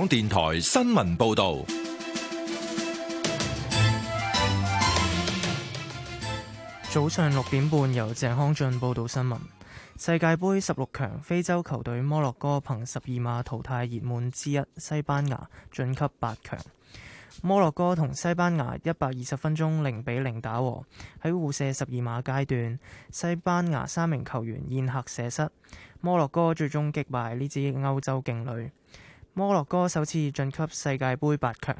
港電台新聞報道：早上六點半，由鄭康俊報道新聞。世界杯十六強，非洲球隊摩洛哥憑十二碼淘汰熱門之一西班牙晉級八強。摩洛哥同西班牙一百二十分鐘零比零打和，喺互射十二碼階段，西班牙三名球員宴客射失，摩洛哥最終擊敗呢支歐洲勁旅。摩洛哥首次晉級世界杯八強，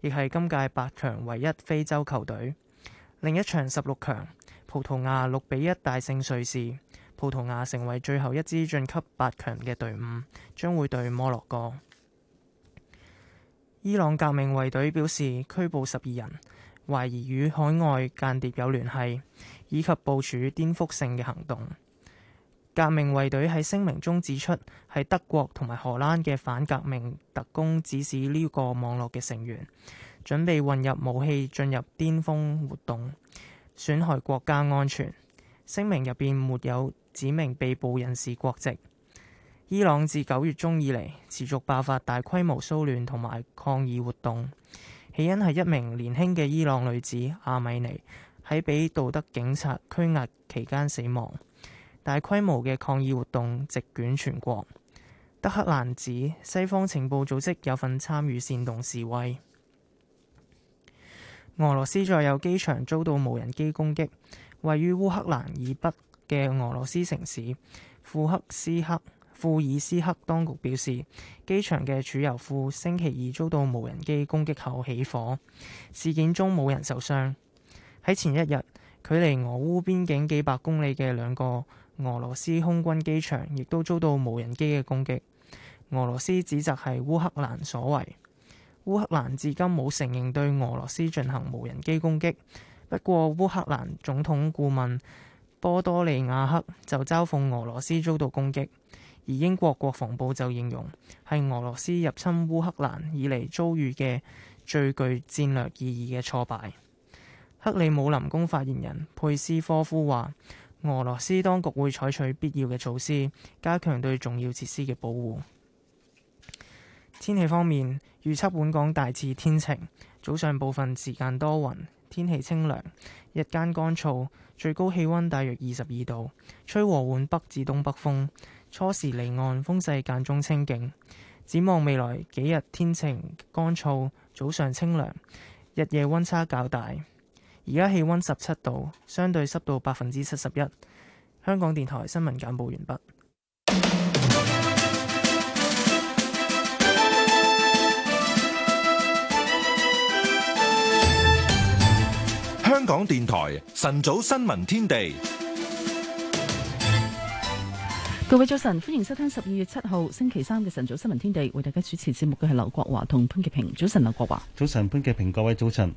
亦係今屆八強唯一非洲球隊。另一場十六強，葡萄牙六比一大勝瑞士，葡萄牙成為最後一支晉級八強嘅隊伍，將會對摩洛哥。伊朗革命衛隊表示拘捕十二人，懷疑與海外間諜有聯繫，以及部署顛覆性嘅行動。革命衛隊喺聲明中指出，係德國同埋荷蘭嘅反革命特工指使呢個網絡嘅成員，準備混入武器進入巔峰活動，損害國家安全。聲明入邊沒有指明被捕人士國籍。伊朗自九月中以嚟持續爆發大規模騷亂同埋抗議活動，起因係一名年輕嘅伊朗女子阿米尼喺被道德警察拘押期間死亡。大規模嘅抗議活動席捲全國。德黑蘭指西方情報組織有份參與煽動示威。俄羅斯再有機場遭到無人機攻擊，位於烏克蘭以北嘅俄羅斯城市庫克斯克庫爾斯克當局表示，機場嘅儲油庫星期二遭到無人機攻擊後起火，事件中冇人受傷。喺前一日，距離俄烏邊境幾百公里嘅兩個。俄羅斯空軍機場亦都遭到無人機嘅攻擊，俄羅斯指責係烏克蘭所為。烏克蘭至今冇承認對俄羅斯進行無人機攻擊，不過烏克蘭總統顧問波多利亞克就嘲諷俄羅斯遭到攻擊。而英國國防部就形容係俄羅斯入侵烏克蘭以嚟遭遇嘅最具戰略意義嘅挫敗。克里姆林宮發言人佩斯科夫話：俄羅斯當局會採取必要嘅措施，加強對重要設施嘅保護。天氣方面，預測本港大致天晴，早上部分時間多雲，天氣清涼，日間乾燥，最高氣溫大約二十二度，吹和緩北至東北風，初時離岸風勢間中清勁。展望未來幾日天晴乾燥，早上清涼，日夜溫差較大。而家氣溫十七度，相對濕度百分之七十一。香港電台新聞簡報完畢。香港電台晨早新聞天地。各位早晨，歡迎收聽十二月七號星期三嘅晨早新聞天地，為大家主持節目嘅係劉國華同潘潔平。早晨，劉國華。早晨，潘潔平。各位早晨。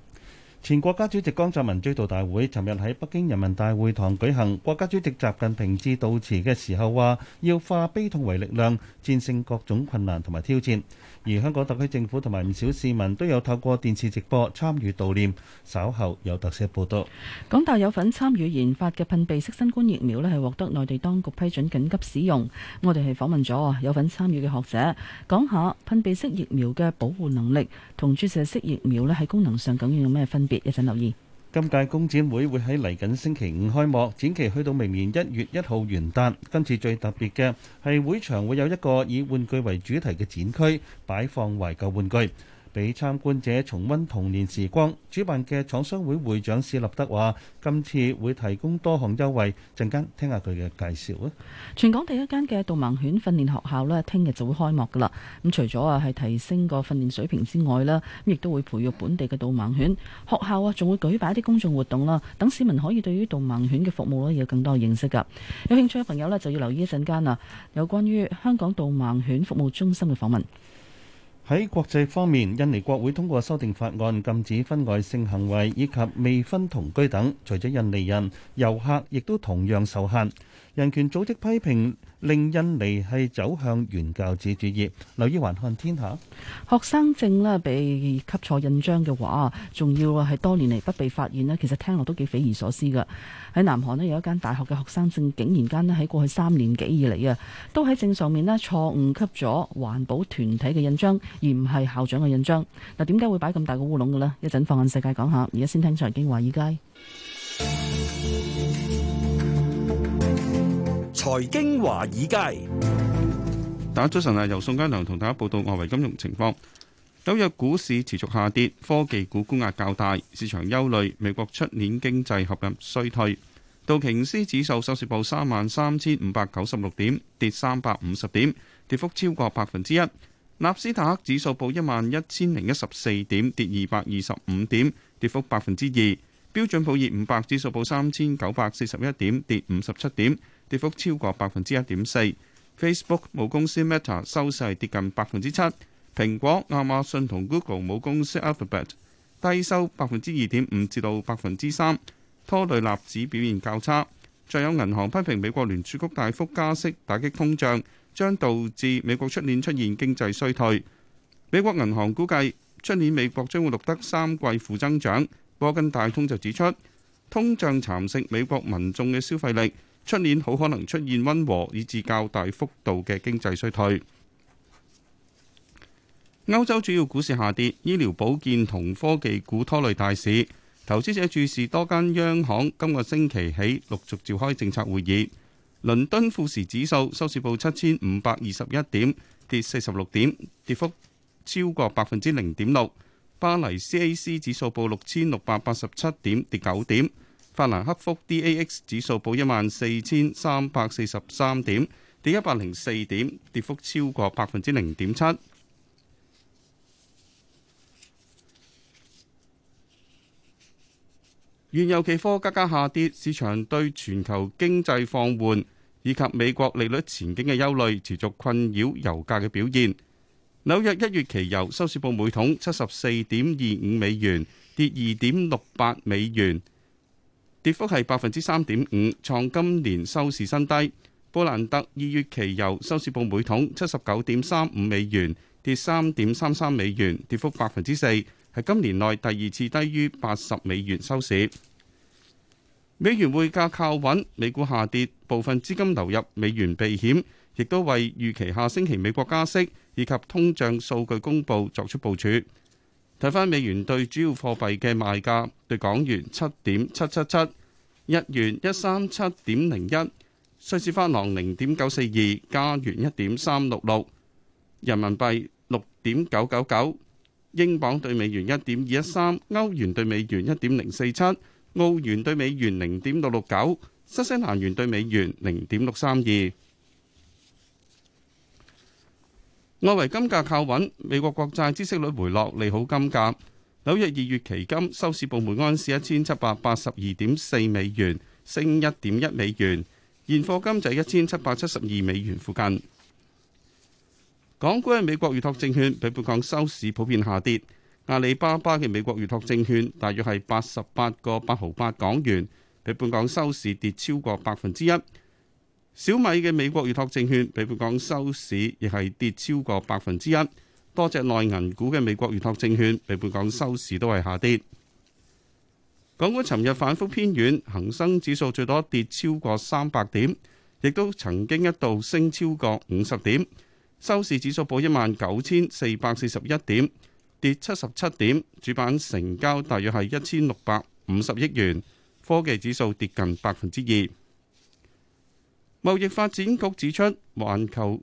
前國家主席江澤民追悼大會尋日喺北京人民大會堂舉行，國家主席習近平致悼詞嘅時候話：要化悲痛為力量，戰勝各種困難同埋挑戰。而香港特區政府同埋唔少市民都有透過電視直播參與悼念，稍後有特色報道。港大有份參與研發嘅噴鼻式新冠疫苗咧，係獲得內地當局批准緊急使用。我哋係訪問咗有份參與嘅學者，講下噴鼻式疫苗嘅保護能力同注射式疫苗咧喺功能上究竟有咩分別？一陣留意。今屆工展會會喺嚟緊星期五開幕，展期去到明年一月一號元旦。今次最特別嘅係會場會有一個以玩具為主題嘅展區，擺放懷舊玩具。俾參觀者重溫童年時光。主辦嘅廠商會會長史立德話，今次會提供多項優惠。陣間聽下佢嘅介紹啊！全港第一間嘅導盲犬訓練學校呢，聽日就會開幕噶啦。咁除咗啊，係提升個訓練水平之外呢，亦都會培育本地嘅導盲犬。學校啊，仲會舉辦一啲公眾活動啦，等市民可以對於導盲犬嘅服務呢，有更多認識噶。有興趣嘅朋友呢，就要留意一陣間喇，有關於香港導盲犬服務中心嘅訪問。喺國際方面，印尼國會通過修訂法案，禁止婚外性行為以及未婚同居等。除咗印尼人，遊客亦都同樣受限。人權組織批評。令印尼係走向原教旨主義。留意環看天下。學生證呢，被給錯印章嘅話，仲要係多年嚟不被發現呢，其實聽落都幾匪夷所思噶。喺南韓呢，有一間大學嘅學生證，竟然間呢，喺過去三年幾以嚟啊，都喺證上面呢錯誤給咗環保團體嘅印章，而唔係校長嘅印章。嗱，點解會擺咁大個烏龍嘅呢？一陣放眼世界講下。而家先聽財經話事街。財經華爾街，大家早晨啊！由宋佳良同大家報道外圍金融情況。今日股市持續下跌，科技股沽壓較大，市場憂慮美國出年經濟陷入衰退。道瓊斯指數收市報三萬三千五百九十六點，跌三百五十點，跌幅超過百分之一。納斯達克指數報一萬一千零一十四點，跌二百二十五點，跌幅百分之二。標準普爾五百指數報三千九百四十一點，跌五十七點。跌幅超過百分之一點四。Facebook 母公司 Meta 收市跌近百分之七。蘋果、亞馬遜同 Google 母公司 Alphabet 低收百分之二點五至到百分之三，拖累納指表現較差。再有銀行批評美國聯儲局大幅加息，打擊通脹，將導致美國出年出現經濟衰退。美國銀行估計出年美國將會錄得三季負增長。摩根大通就指出，通脹蠶食美國民眾嘅消費力。出年好可能出現溫和以至較大幅度嘅經濟衰退。歐洲主要股市下跌，醫療保健同科技股拖累大市。投資者注視多間央行今個星期起陸續召開政策會議。倫敦富時指數收市報七千五百二十一點，跌四十六點，跌幅超過百分之零點六。巴黎 CAC 指數報六千六百八十七點，跌九點。法蘭克福 DAX 指數報一萬四千三百四十三點，跌一百零四點，跌幅超過百分之零點七。原油期貨價格下跌，市場對全球經濟放緩，以及美國利率前景嘅憂慮持續困擾油價嘅表現。紐約一月期油收市報每桶七十四點二五美元，跌二點六八美元。跌幅係百分之三點五，創今年收市新低。布蘭特二月期油收市報每桶七十九點三五美元，跌三點三三美元，跌幅百分之四，係今年內第二次低於八十美元收市。美元匯價靠穩，美股下跌，部分資金流入美元避險，亦都為預期下星期美國加息以及通脹數據公布作出部署。睇翻美元對主要貨幣嘅賣價，對港元七點七七七，日元一三七點零一，瑞士法郎零點九四二，加元一點三六六，人民幣六點九九九，英鎊對美元一點二一三，歐元對美元一點零四七，澳元對美元零點六六九，新西蘭元對美元零點六三二。外圍金價靠穩，美國國債孳息率回落，利好金價。紐約二月期金收市報每安士一千七百八十二點四美元，升一點一美元，現貨金就一千七百七十二美元附近。港股嘅美國預託證券比本港收市普遍下跌，阿里巴巴嘅美國預託證券大約係八十八個八毫八港元，比本港收市跌超過百分之一。小米嘅美國預託證券，比本港收市亦係跌超過百分之一。多隻內銀股嘅美國預託證券，比本港收市都係下跌。港股尋日反覆偏軟，恒生指數最多跌超過三百點，亦都曾經一度升超過五十點。收市指數報一萬九千四百四十一點，跌七十七點。主板成交大約係一千六百五十億元。科技指數跌近百分之二。貿易發展局指出，環球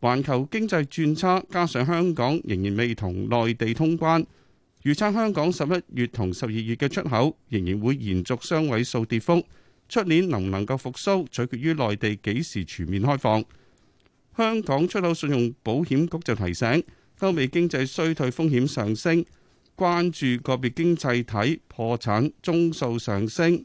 環球經濟轉差，加上香港仍然未同內地通關，預測香港十一月同十二月嘅出口仍然會延續雙位數跌幅。出年能唔能夠復蘇，取決於內地幾時全面開放。香港出口信用保險局就提醒，歐美經濟衰退風險上升，關注個別經濟體破產宗數上升。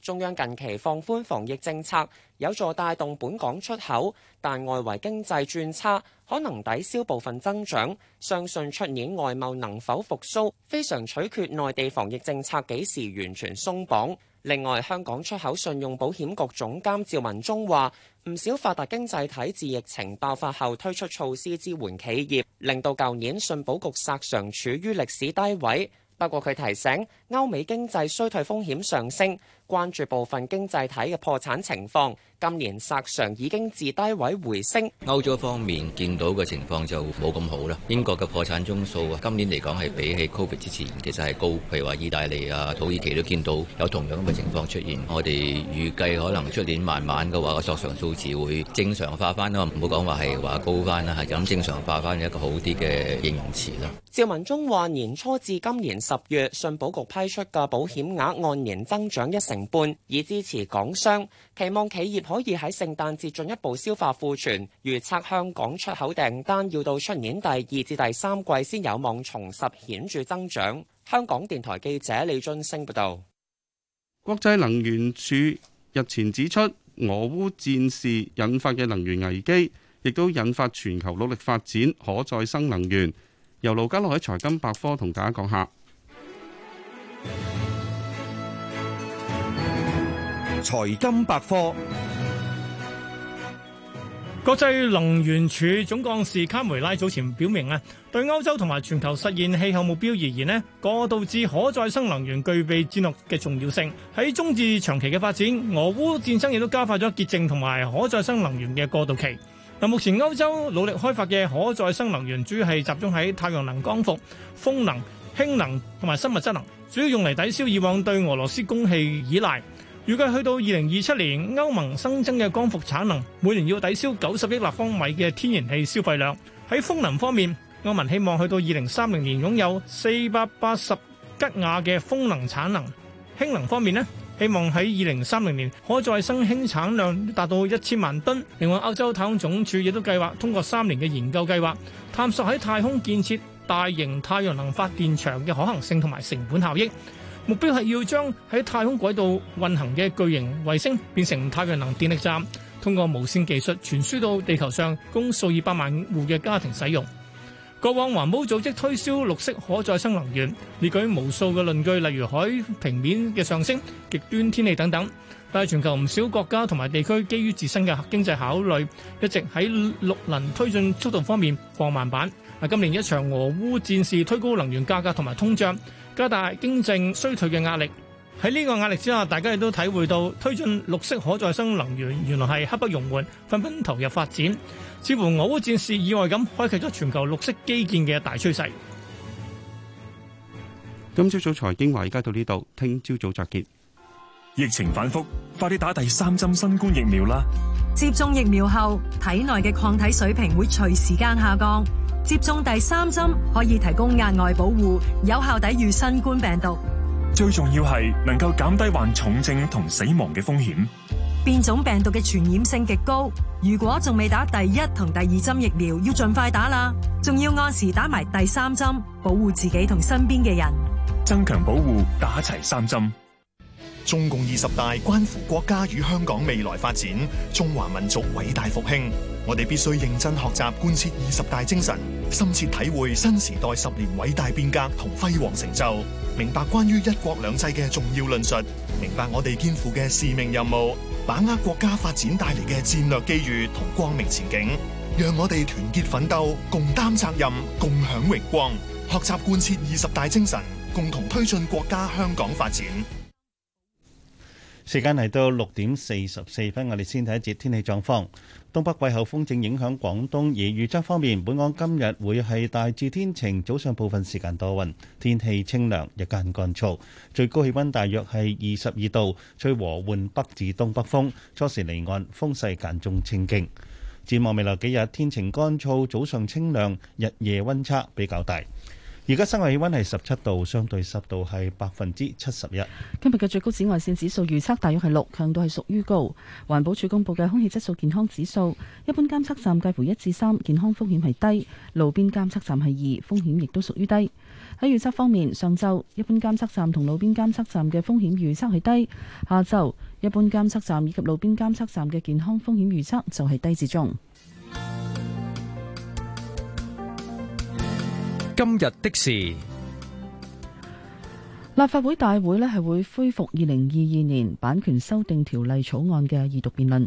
中央近期放寬防疫政策，有助帶動本港出口，但外圍經濟轉差，可能抵消部分增長，相信出年外貿能否復蘇，非常取決內地防疫政策幾時完全鬆綁。另外，香港出口信用保險局總監趙文忠話，唔少發達經濟體自疫情爆發後推出措施支援企業，令到舊年信保局索償處於歷史低位。不過佢提醒歐美經濟衰退風險上升。關注部分經濟體嘅破產情況，今年索償已經自低位回升。歐洲方面見到嘅情況就冇咁好啦。英國嘅破產宗數啊，今年嚟講係比起 Covid 之前其實係高。譬如話意大利啊、土耳其都見到有同樣咁嘅情況出現。我哋預計可能出年慢慢嘅話，索償數字會正常化翻啦，唔好講話係話高翻啦。係咁正常化翻一個好啲嘅形容詞啦。趙文忠話：年初至今年十月，信保局批出嘅保險額按年增長一成。同伴以支持港商，期望企業可以喺聖誕節進一步消化庫存。預測香港出口訂單要到出年第二至第三季先有望重拾顯著增長，香港電台記者李俊升報道。國際能源署日前指出，俄烏戰事引發嘅能源危機亦都引發全球努力發展可再生能源。由盧家樂喺財金百科同大家講下。財金百科，國際能源署總幹事卡梅拉早前表明啊，對歐洲同埋全球實現氣候目標而言咧，過渡至可再生能源具備戰略嘅重要性喺中至長期嘅發展。俄烏戰爭亦都加快咗潔淨同埋可再生能源嘅過渡期。嗱，目前歐洲努力開發嘅可再生能源主要係集中喺太陽能光伏、風能、氫能同埋生物質能，主要用嚟抵消以往對俄羅斯供氣依賴。預計去到二零二七年，歐盟新增嘅光伏產能每年要抵消九十億立方米嘅天然氣消費量。喺風能方面，歐盟希望去到二零三零年擁有四百八十吉瓦嘅風能產能。氫能方面呢，希望喺二零三零年可再生氫產量達到一千萬噸。另外，歐洲太空總署亦都計劃通過三年嘅研究計劃，探索喺太空建設大型太陽能發電場嘅可行性同埋成本效益。目標係要將喺太空軌道運行嘅巨型衛星變成太陽能電力站，通過無線技術傳輸到地球上，供數以百萬戶嘅家庭使用。過往環保組織推銷綠色可再生能源，列舉無數嘅論據，例如海平面嘅上升、極端天氣等等。但係全球唔少國家同埋地區，基於自身嘅經濟考慮，一直喺綠能推進速度方面放慢版。係今年一場俄烏戰事，推高能源價格同埋通脹。加大經濟衰退嘅壓力，喺呢個壓力之下，大家亦都體會到推進綠色可再生能源原來係刻不容緩，紛紛投入發展，似乎俄烏戰事以外咁開啟咗全球綠色基建嘅大趨勢。今朝早財經華爾街到呢度，聽朝早集結。疫情反復，快啲打第三針新冠疫苗啦！接種疫苗後，體內嘅抗體水平會隨時間下降。接種第三針可以提供額外保護，有效抵禦新冠病毒。最重要係能夠減低患重症同死亡嘅風險。變種病毒嘅傳染性極高，如果仲未打第一同第二針疫苗，要盡快打啦。仲要按時打埋第三針，保護自己同身邊嘅人。增強保護，打齊三針。中共二十大關乎國家與香港未來發展，中華民族偉大復興。我哋必須認真學習貫徹二十大精神，深切體會新時代十年偉大變革同輝煌成就，明白關於一國兩制嘅重要論述，明白我哋肩負嘅使命任務，把握國家發展帶嚟嘅戰略機遇同光明前景，讓我哋團結奮鬥，共擔責任，共享榮光，學習貫徹二十大精神，共同推進國家香港發展。時間嚟到六點四十四分，我哋先睇一節天氣狀況。東北季候風正影響廣東，而預測方面，本港今日會係大致天晴，早上部分時間多雲，天氣清涼，日間乾燥，最高氣温大約係二十二度，吹和緩北至東北風，初時離岸，風勢間中清勁。展望未來幾日，天晴乾燥，早上清涼，日夜温差比較大。而家室外氣溫係十七度，相對濕度係百分之七十一。今日嘅最高紫外線指數預測大約係六，強度係屬於高。環保署公布嘅空氣質素健康指數，一般監測站介乎一至三，健康風險係低；路邊監測站係二，風險亦都屬於低。喺預測方面，上晝一般監測站同路邊監測站嘅風險預測係低，下晝一般監測站以及路邊監測站嘅健康風險預測就係低至中。今日的事，立法會大會呢係會恢復二零二二年版權修訂條例草案嘅二讀辯論。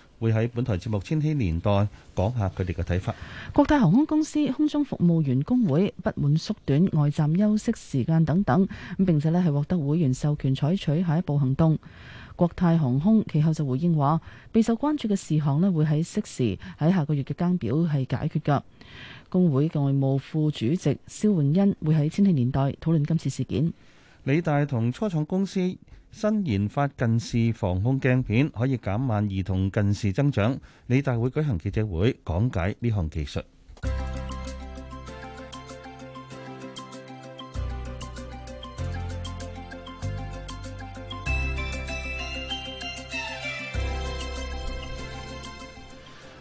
會喺本台節目《千禧年代》講下佢哋嘅睇法。國泰航空公司空中服務員工會不滿縮短外站休息時間等等，咁並且咧係獲得會員授權採取下一步行動。國泰航空其後就回應話，備受關注嘅事項咧會喺適時喺下個月嘅更表係解決㗎。工會外務副主席蕭永恩會喺《千禧年代》討論今次事件。李大同初創公司。新研發近視防控鏡片可以減慢兒童近視增長。理大會舉行記者會講解呢項技術。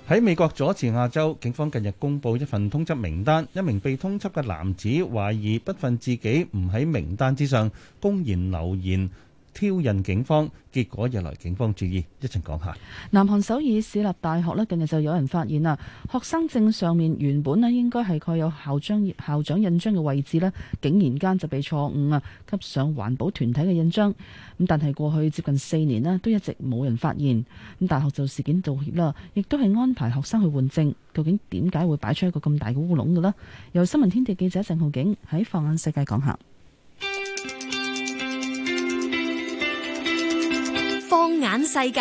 喺美國佐治亞州，警方近日公布一份通緝名單，一名被通緝嘅男子懷疑不忿自己唔喺名單之上，公然留言。挑釁警方，結果引來警方注意，一陣講下。南韓首爾市立大學咧，近日就有人發現啊，學生證上面原本咧應該係蓋有校章、校長印章嘅位置咧，竟然間就被錯誤啊，蓋上環保團體嘅印章。咁但係過去接近四年咧，都一直冇人發現。咁大學就事件道歉啦，亦都係安排學生去換證。究竟點解會擺出一個咁大嘅烏龍嘅呢？由新聞天地記者鄭浩景喺放眼世界講下。眼世界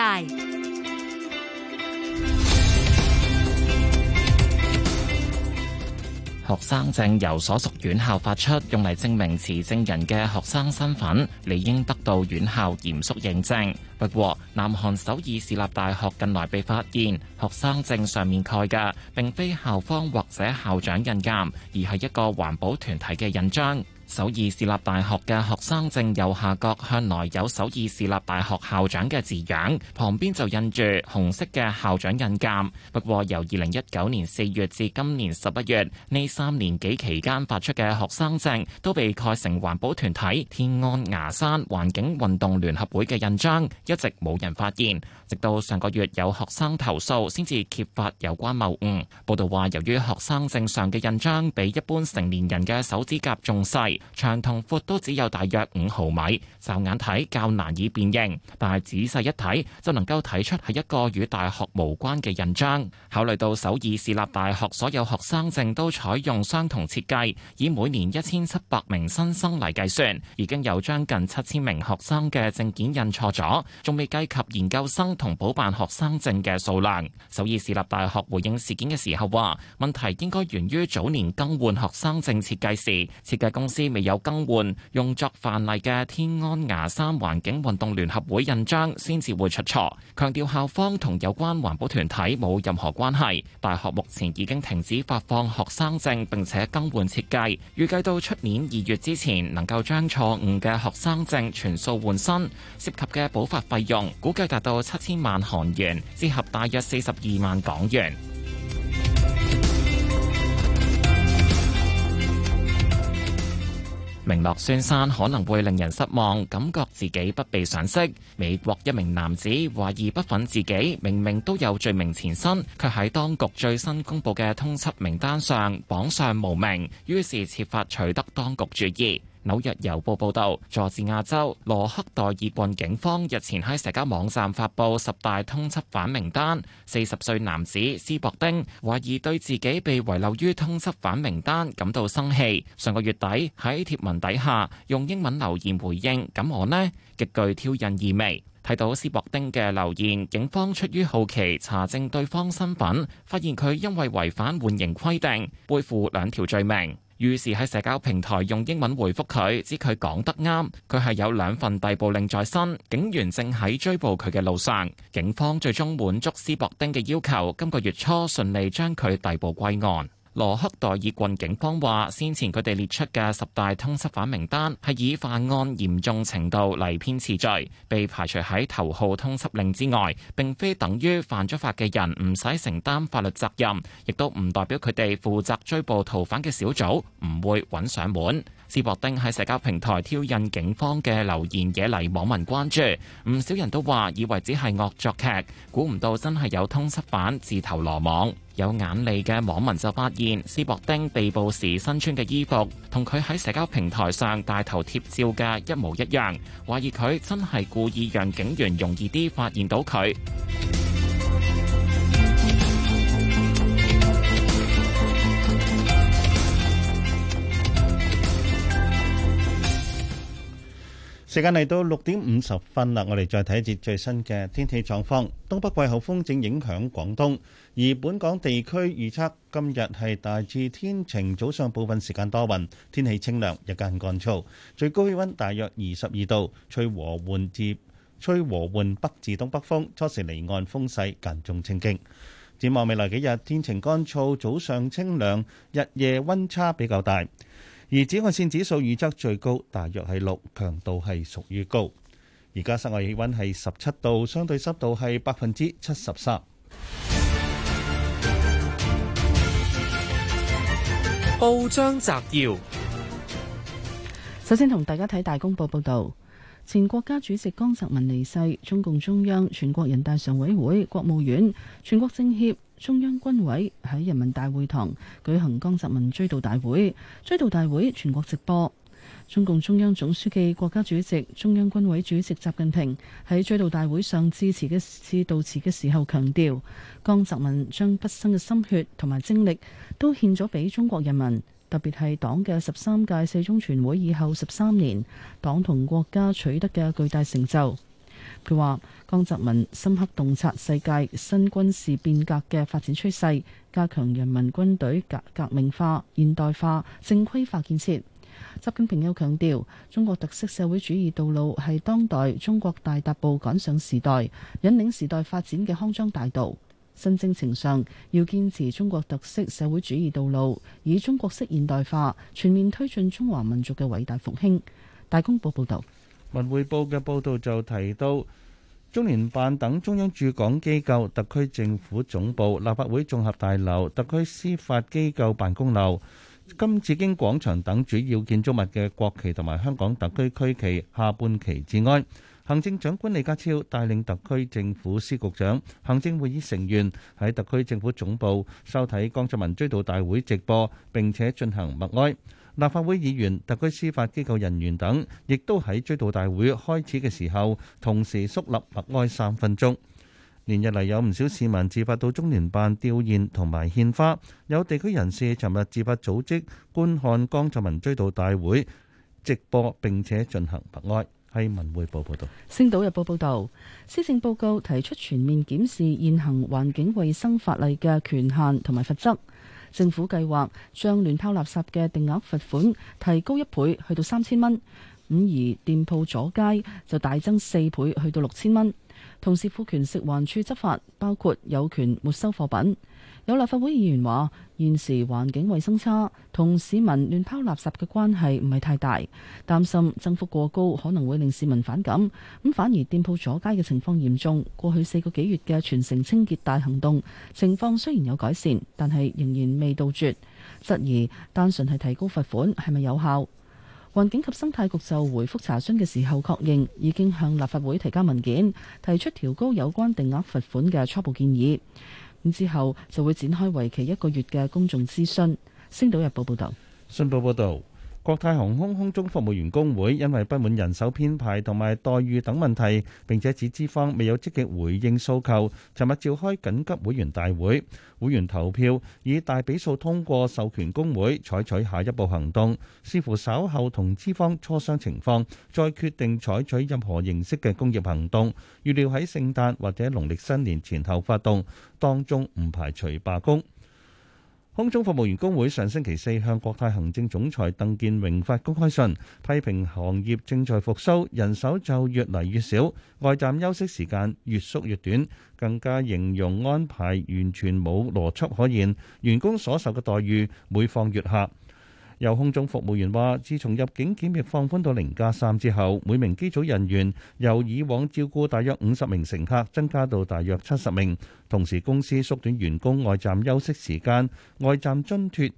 學生證由所屬院校發出，用嚟證明持證人嘅學生身份，理應得到院校嚴肅認證。不過，南韓首爾市立大學近來被發現，學生證上面蓋嘅並非校方或者校長印鑑，而係一個環保團體嘅印章。首爾市立大學嘅學生證右下角向來有首爾市立大學校長嘅字樣，旁邊就印住紅色嘅校長印鑑。不過由二零一九年四月至今年十一月呢三年幾期間發出嘅學生證都被蓋成環保團體天安牙山環境運動聯合會嘅印章，一直冇人發現。直到上個月有學生投訴，先至揭發有關謬誤。報道話，由於學生證上嘅印章比一般成年人嘅手指甲仲細，長同闊都只有大約五毫米，驟眼睇較難以辨認。但係仔細一睇，就能夠睇出係一個與大學無關嘅印章。考慮到首爾市立大學所有學生證都採用相同設計，以每年一千七百名新生嚟計算，已經有將近七千名學生嘅證件印錯咗，仲未計及研究生，同補辦學生證嘅數量。首爾市立大學回應事件嘅時候話，問題應該源於早年更換學生證設計時，設計公司未有更換用作範例嘅天安牙山環境運動聯合會印章，先至會出錯。強調校方同有關環保團體冇任何關係。大學目前已經停止發放學生證，並且更換設計，預計到出年二月之前能夠將錯誤嘅學生證全數換新。涉及嘅補發費用估計達到七千。千萬韓元，折合大約四十二萬港元。名落孫山可能會令人失望，感覺自己不被賞識。美國一名男子懷疑不忿自己明明都有罪名前身，卻喺當局最新公布嘅通緝名單上榜上無名，於是設法取得當局注意。紐約郵報報導，佐治亞州羅克代爾郡警方日前喺社交網站發布十大通緝犯名單，四十歲男子斯博丁懷疑對自己被遺漏於通緝犯名單感到生氣。上個月底喺貼文底下用英文留言回應，咁我呢極具挑釁意味。睇到斯博丁嘅留言，警方出於好奇查證對方身份，發現佢因為違反緩刑規定，背負兩條罪名。於是喺社交平台用英文回覆佢，知佢講得啱，佢係有兩份逮捕令在身，警員正喺追捕佢嘅路上，警方最終滿足斯伯丁嘅要求，今個月初順利將佢逮捕歸案。羅克代爾郡警方話，先前佢哋列出嘅十大通緝犯名單，係以犯案嚴重程度嚟編次序，被排除喺頭號通緝令之外，並非等於犯咗法嘅人唔使承擔法律責任，亦都唔代表佢哋負責追捕逃犯嘅小組唔會揾上門。斯博丁喺社交平台挑釁警方嘅留言惹嚟網民關注，唔少人都話以為只係惡作劇，估唔到真係有通緝犯自投羅網。有眼利嘅網民就發現斯博丁被捕時身穿嘅衣服同佢喺社交平台上大頭貼照嘅一模一樣，懷疑佢真係故意讓警員容易啲發現到佢。時間嚟到六點五十分啦，我哋再睇一節最新嘅天氣狀況。東北季候風正影響廣東，而本港地區預測今日係大致天晴，早上部分時間多雲，天氣清涼，日間乾燥，最高氣温大約二十二度，吹和緩至吹和緩北至東北風，初時離岸風勢間中清勁。展望未來幾日天晴乾燥，早上清涼，日夜温差比較大。而紫外線指數預測最高大約係六，強度係屬於高。而家室外氣溫係十七度，相對濕度係百分之七十三。報章摘要：首先同大家睇大公報報道，前國家主席江澤民離世，中共中央、全國人大常委會、國務院、全國政協。中央軍委喺人民大會堂舉行江澤民追悼大會，追悼大會全國直播。中共中央總書記、國家主席、中央軍委主席習近平喺追悼大會上致辭嘅致悼詞嘅時候強調，江澤民將畢生嘅心血同埋精力都獻咗俾中國人民，特別係黨嘅十三屆四中全會以後十三年，黨同國家取得嘅巨大成就。佢話：江澤民深刻洞察世界新軍事變革嘅發展趨勢，加強人民軍隊革，革命化、現代化、正規化建設。習近平又強調，中國特色社會主義道路係當代中國大踏步趕上時代、引領時代發展嘅康莊大道。新征程上，要堅持中國特色社會主義道路，以中國式現代化全面推進中華民族嘅偉大復興。大公報報導。文匯報嘅報道就提到，中聯辦等中央駐港機構、特區政府總部、立法會綜合大樓、特區司法機構辦公樓、金紫荊廣場等主要建築物嘅國旗同埋香港特區區旗下半旗致哀。行政長官李家超帶領特區政府司局長、行政會議成員喺特區政府總部收睇江澤民追悼大會直播，並且進行默哀。立法會議員、特區司法機構人員等，亦都喺追悼大會開始嘅時候，同時肅立默哀三分鐘。連日嚟有唔少市民自發到中聯辦吊唁同埋獻花，有地區人士尋日自發組織觀看江澤民追悼大會直播，並且進行默哀。係文匯報報導。《星島日報》報導，施政報告提出全面檢視現行環境衞生法例嘅權限同埋罰則。政府計劃將亂拋垃圾嘅定額罰款提高一倍，去到三千蚊。咁而店鋪阻街就大增四倍，去到六千蚊。同時賦權食環處執法，包括有權沒收貨品。有立法會議員話：現時環境衞生差，同市民亂拋垃圾嘅關係唔係太大，擔心增幅過高可能會令市民反感。咁反而店鋪阻街嘅情況嚴重。過去四個幾月嘅全城清潔大行動，情況雖然有改善，但係仍然未杜絕。質疑單純係提高罰款係咪有效？環境及生態局就回覆查詢嘅時候確認，已經向立法會提交文件，提出調高有關定額罰款嘅初步建議。咁之後就會展開為期一個月嘅公眾諮詢。星島日報報道。新報報道。國泰航空空中服務員工會因為不滿人手編排同埋待遇等問題，並且指資方未有積極回應訴求，尋日召開緊急會員大會，會員投票以大比數通過授權工會採取下一步行動，視乎稍後同資方磋商情況，再決定採取任何形式嘅工業行動，預料喺聖誕或者農曆新年前後發動，當中唔排除罷工。空中服務員工會上星期四向國泰行政總裁鄧健榮發公開信，批評行業正在復甦，人手就越嚟越少，外站休息時間越縮越短，更加形容安排完全冇邏輯可言，員工所受嘅待遇每況愈下。有空中服務員話：自從入境檢疫放寬到零加三之後，每名機組人員由以往照顧大約五十名乘客，增加到大約七十名。同時，公司縮短員工外站休息時間，外站津貼、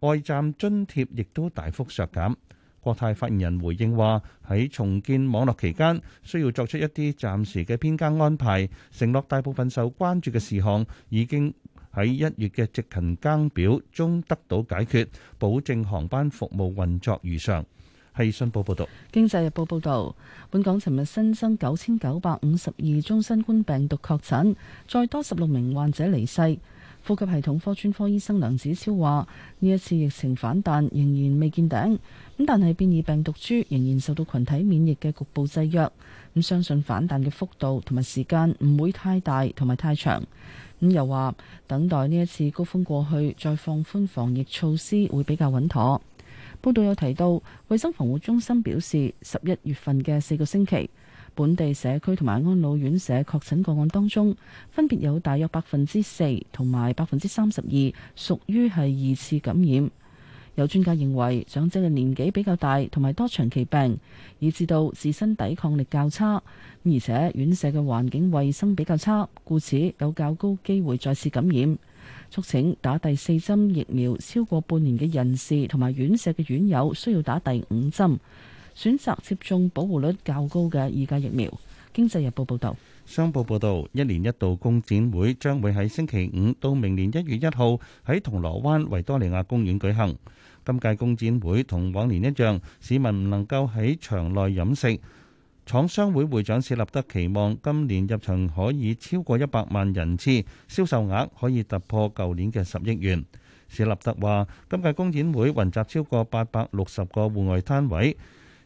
外站津貼亦都大幅削減。國泰發言人回應話：喺重建網絡期間，需要作出一啲暫時嘅編更安排，承諾大部分受關注嘅事項已經喺一月嘅值勤更表中得到解決，保證航班服務運作如常。係信報報道：「經濟日報報道，本港尋日新增九千九百五十二宗新冠病毒確診，再多十六名患者離世。呼吸系統科專科醫生梁子超話：呢一次疫情反彈仍然未見頂，咁但係變異病毒株仍然受到群體免疫嘅局部制約，咁相信反彈嘅幅度同埋時間唔會太大同埋太長。咁又話等待呢一次高峰過去，再放寬防疫措施會比較穩妥。報道有提到，衞生防護中心表示，十一月份嘅四個星期，本地社區同埋安，安老院舍確診個案當中，分別有大約百分之四同埋百分之三十二屬於係二次感染。有專家認為，長者嘅年紀比較大，同埋多長期病，以至到自身抵抗力較差，而且院舍嘅環境衛生比較差，故此有較高機會再次感染。促請打第四針疫苗超過半年嘅人士同埋院舍嘅院友需要打第五針，選擇接種保護率較高嘅二價疫苗。經濟日報報道。商報報道，一年一度工展會將會喺星期五到明年一月一號喺銅鑼灣維多利亞公園舉行。今屆工展會同往年一樣，市民唔能夠喺場內飲食。廠商會會長史立德期望今年入場可以超過一百萬人次，銷售額可以突破舊年嘅十億元。史立德話：今屆工展會雲集超過八百六十個戶外攤位。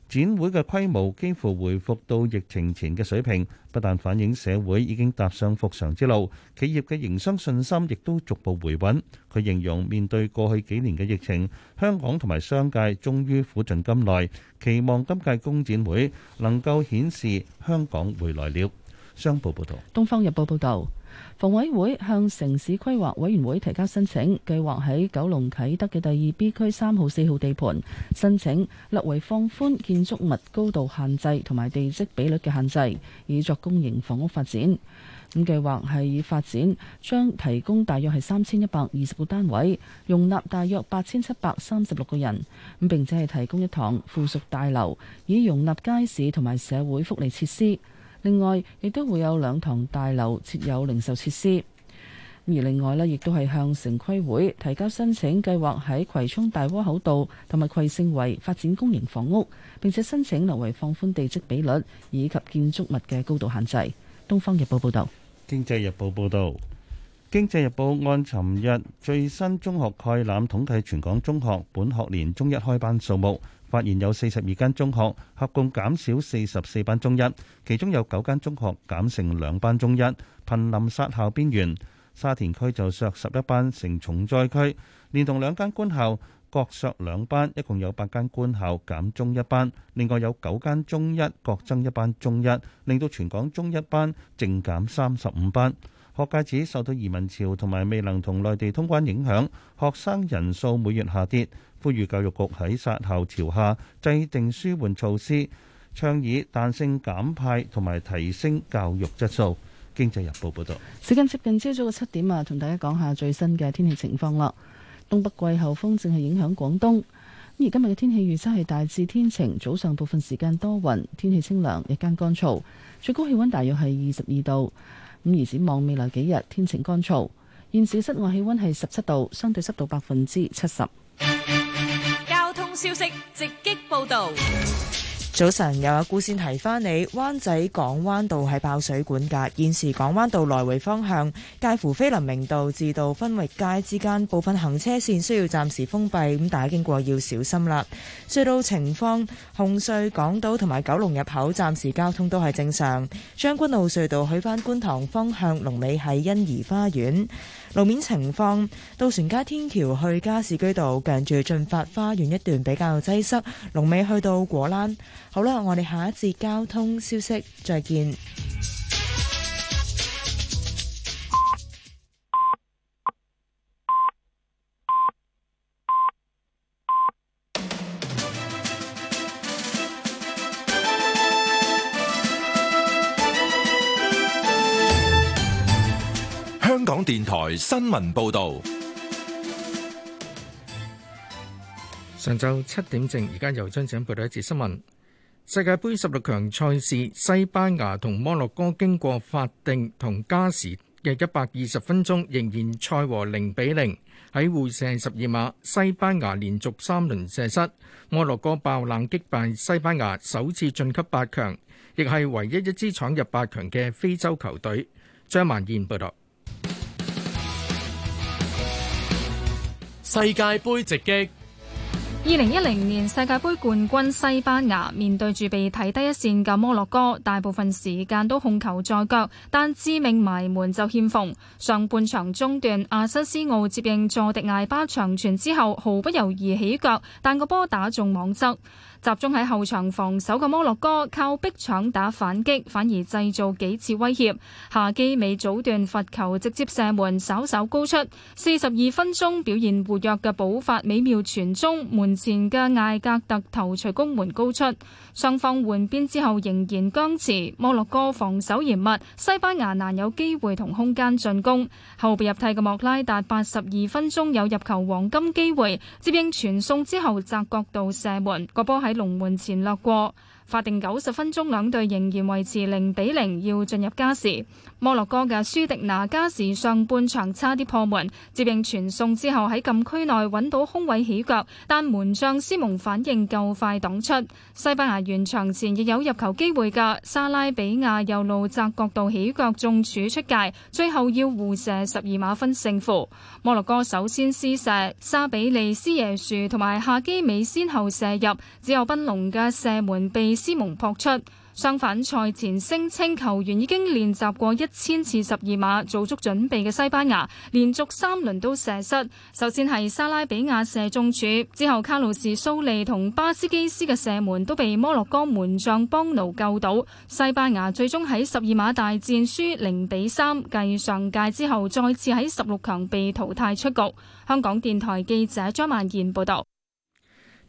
展會嘅規模幾乎回復到疫情前嘅水平，不但反映社會已經踏上復常之路，企業嘅營商信心亦都逐步回穩。佢形容面對過去幾年嘅疫情，香港同埋商界終於苦盡甘來，期望今屆工展會能夠顯示香港回來了。商報報導，東方日報報道。房委會向城市規劃委員會提交申請，計劃喺九龍啟德嘅第二 B 區三號、四號地盤申請略為放寬建築物高度限制同埋地積比率嘅限制，以作公營房屋發展。咁計劃係以發展，將提供大約係三千一百二十個單位，容納大約八千七百三十六個人。咁並且係提供一幢附屬大樓，以容納街市同埋社會福利設施。另外，亦都會有兩幢大樓設有零售設施。而另外呢，亦都係向城規會提交申請，計劃喺葵涌大窩口道同埋葵盛圍發展公營房屋，並且申請留為放寬地積比率以及建築物嘅高度限制。《東方日報》報道，經濟日報》報道，經濟日報》按尋日最新中學概覽統計，全港中學本學年中一開班數目。發現有四十二間中學合共減少四十四班中一，其中有九間中學減成兩班中一，瀕臨殺校邊緣。沙田區就削十一班成重災區，連同兩間官校各削兩班，一共有八間官校減中一班。另外有九間中一各增一班中一，令到全港中一班淨減三十五班。學界指受到移民潮同埋未能同內地通關影響，學生人數每月下跌，呼籲教育局喺殺校潮下制定舒緩措施，倡議彈性減派同埋提升教育質素。經濟日報報導。時間接近朝早嘅七點啊，同大家講下最新嘅天氣情況啦。東北季候風正係影響廣東，而今日嘅天氣預測係大致天晴，早上部分時間多雲，天氣清涼，日間乾燥，最高氣温大約係二十二度。咁而展望未來幾日，天晴乾燥。現時室外氣温係十七度，相對濕度百分之七十。交通消息直擊報導。早晨，又有顧線提翻你，灣仔港灣道係爆水管噶，現時港灣道來回方向介乎菲林明道至到分域街之間部分行車線需要暫時封閉，咁大家經過要小心啦。隧道情況，紅隧港島同埋九龍入口暫時交通都係正常。將軍澳隧道去翻觀塘方向，龍尾喺欣怡花園。路面情況，渡船街天橋去加士居道近住進發花園一段比較擠塞，龍尾去到果欄。好啦，我哋下一節交通消息，再見。香港電台新聞報道：上晝七點正，而家又將請報道次新聞。世界杯十六強賽事，西班牙同摩洛哥經過法定同加時嘅一百二十分鐘，仍然賽和零比零。喺互射十二碼，西班牙連續三輪射失，摩洛哥爆冷擊敗西班牙，首次晉級八強，亦係唯一一支闖入八強嘅非洲球隊。張曼燕報道。寧寧世界杯直擊：二零一零年世界杯冠軍西班牙面對住被睇低一綫嘅摩洛哥，大部分時間都控球在腳，但致命埋門就欠奉。上半場中段，阿西斯奧接應佐迪艾巴長傳之後，毫不猶豫起腳，但個波打中網側。集中喺後場防守嘅摩洛哥靠逼搶打反擊，反而製造幾次威脅。夏基美早段罰球直接射門，稍稍高出。四十二分鐘表現活躍嘅補發美妙傳中，門前嘅艾格特頭槌攻門高出。雙方換邊之後仍然僵持，摩洛哥防守嚴密，西班牙難有機會同空間進攻。後備入替嘅莫拉達八十二分鐘有入球黃金機會，接應傳送之後窄角度射門，個波喺。龍門前落過。法定九十分鐘，兩隊仍然維持零比零，要進入加時。摩洛哥嘅舒迪拿加時上半場差啲破門，接應傳送之後喺禁區內揾到空位起腳，但門將斯蒙反應夠快擋出。西班牙完場前亦有入球機會，噶沙拉比亞右路窄角度起腳中柱出界。最後要互射十二碼分勝負。摩洛哥首先施射，沙比利斯耶樹同埋夏基美先後射入，只有賓隆嘅射門被斯蒙撲出，相反賽前聲稱球員已經練習過一千次十二碼做足準備嘅西班牙，連續三輪都射失。首先係莎拉比亞射中柱，之後卡路士蘇利同巴斯基斯嘅射門都被摩洛哥門將邦奴救到。西班牙最終喺十二碼大戰輸零比三，繼上屆之後再次喺十六強被淘汰出局。香港電台記者張曼燕報道。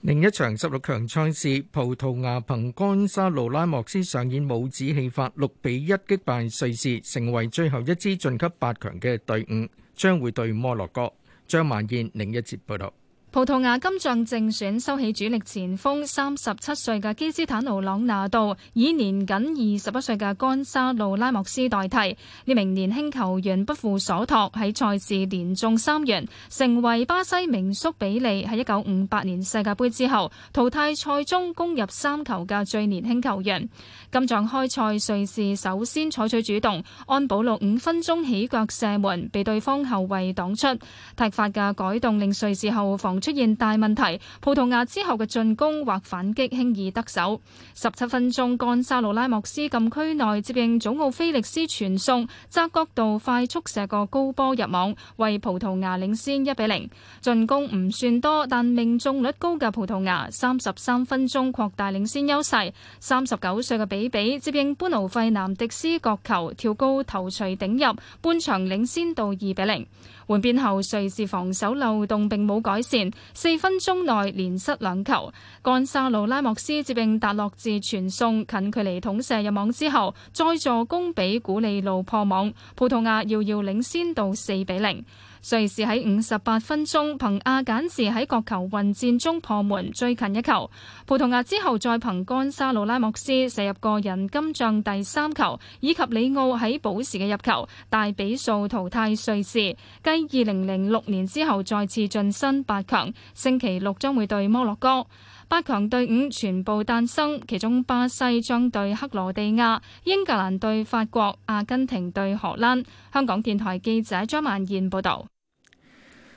另一場十六強賽事，葡萄牙憑甘沙路拉莫斯上演帽子戲法，六比一擊敗瑞士，成為最後一支晉級八強嘅隊伍，將會對摩洛哥。張萬燕另一節報道。葡萄牙今仗正選收起主力前鋒三十七歲嘅基斯坦奴·朗拿度，以年僅二十一歲嘅干沙路拉莫斯代替。呢名年輕球員不負所託，喺賽事連中三元，成為巴西名宿比利喺一九五八年世界杯之後，淘汰賽中攻入三球嘅最年輕球員。今仗開賽，瑞士首先採取主動，安保路五分鐘起腳射門被對方後衛擋出，踢法嘅改動令瑞士後防出現大問題，葡萄牙之後嘅進攻或反擊輕易得手。十七分鐘干沙羅拉莫斯禁區內接應祖奧菲力斯傳送，窄角度快速射個高波入網，為葡萄牙領先一比零。進攻唔算多，但命中率高嘅葡萄牙三十三分鐘擴大領先優勢。三十九歲嘅比比接應般奴費南迪斯角球跳高頭錘頂入，半場領先到二比零。換邊後，瑞士防守漏洞並冇改善，四分鐘內連失兩球。干沙路拉莫斯接應達洛治傳送近距離捅射入網之後，再助攻比古利路破網，葡萄牙遙遙領先到四比零。瑞士喺五十八分鐘憑亞簡士喺角球混戰中破門，最近一球。葡萄牙之後再憑干沙路拉莫斯射入個人今場第三球，以及里奧喺補時嘅入球，大比數淘汰瑞士，繼二零零六年之後再次晉身八強。星期六將會對摩洛哥。八強隊伍全部誕生，其中巴西將對克羅地亞，英格蘭對法國，阿根廷對荷蘭。香港電台記者張曼燕報導。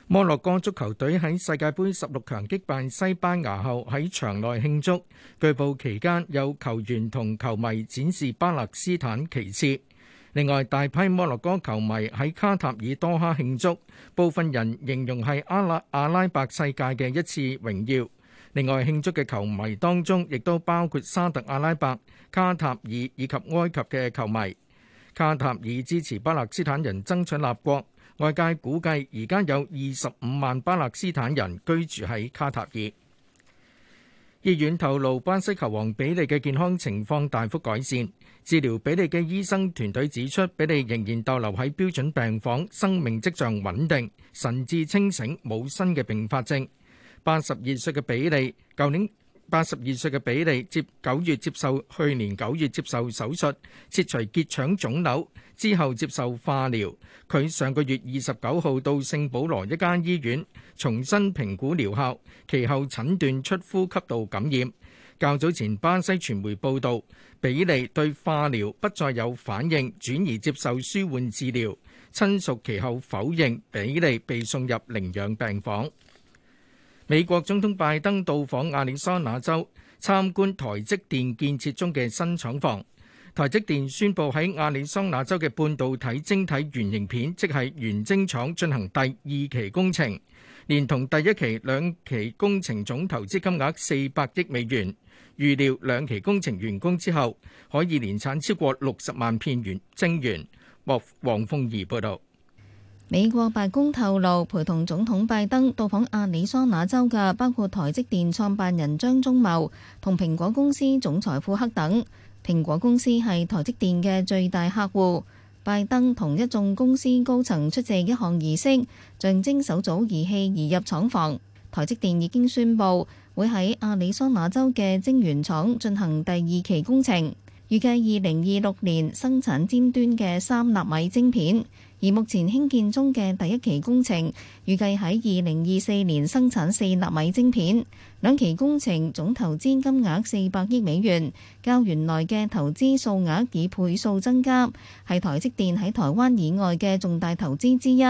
摩洛哥足球隊喺世界盃十六強擊敗西班牙後喺場內慶祝，據報期間有球員同球迷展示巴勒斯坦旗幟。另外，大批摩洛哥球迷喺卡塔爾多哈慶祝，部分人形容係阿拉阿拉伯世界嘅一次榮耀。另外，慶祝嘅球迷當中，亦都包括沙特阿拉伯、卡塔爾以及埃及嘅球迷。卡塔爾支持巴勒斯坦人爭取立國，外界估計而家有二十五萬巴勒斯坦人居住喺卡塔爾。醫院透露，巴西球王比利嘅健康情況大幅改善，治療比利嘅醫生團隊指出，比利仍然逗留喺標準病房，生命跡象穩定，神志清醒，冇新嘅併發症。八十二歲嘅比利，舊年八十二歲嘅比利，接九月接受去年九月接受手術切除結腸腫瘤之後接受化療。佢上個月二十九號到聖保羅一間醫院重新評估療效，其後診斷出呼吸道感染。較早前巴西傳媒報導，比利對化療不再有反應，轉而接受舒緩治療。親屬其後否認比利被送入寧養病房。美國總統拜登到訪亞利桑那州參觀台積電建設中嘅新廠房。台積電宣布喺亞利桑那州嘅半導體晶體原型片，即係原晶廠進行第二期工程，連同第一期、兩期工程總投資金額四百億美元。預料兩期工程完工之後，可以年產超過六十萬片原晶圓。黃鳳儀報道。美國白宮透露，陪同總統拜登到訪亞利桑那州嘅包括台積電創辦人張忠謀同蘋果公司總裁庫克等。蘋果公司係台積電嘅最大客戶。拜登同一眾公司高層出席一項儀式，象徵首組儀器移入廠房。台積電已經宣布會喺亞利桑那州嘅晶圓廠進行第二期工程，預計二零二六年生產尖端嘅三納米晶片。而目前興建中嘅第一期工程，預計喺二零二四年生產四納米晶片。兩期工程總投資金額四百億美元，較原來嘅投資數額以倍數增加，係台積電喺台灣以外嘅重大投資之一。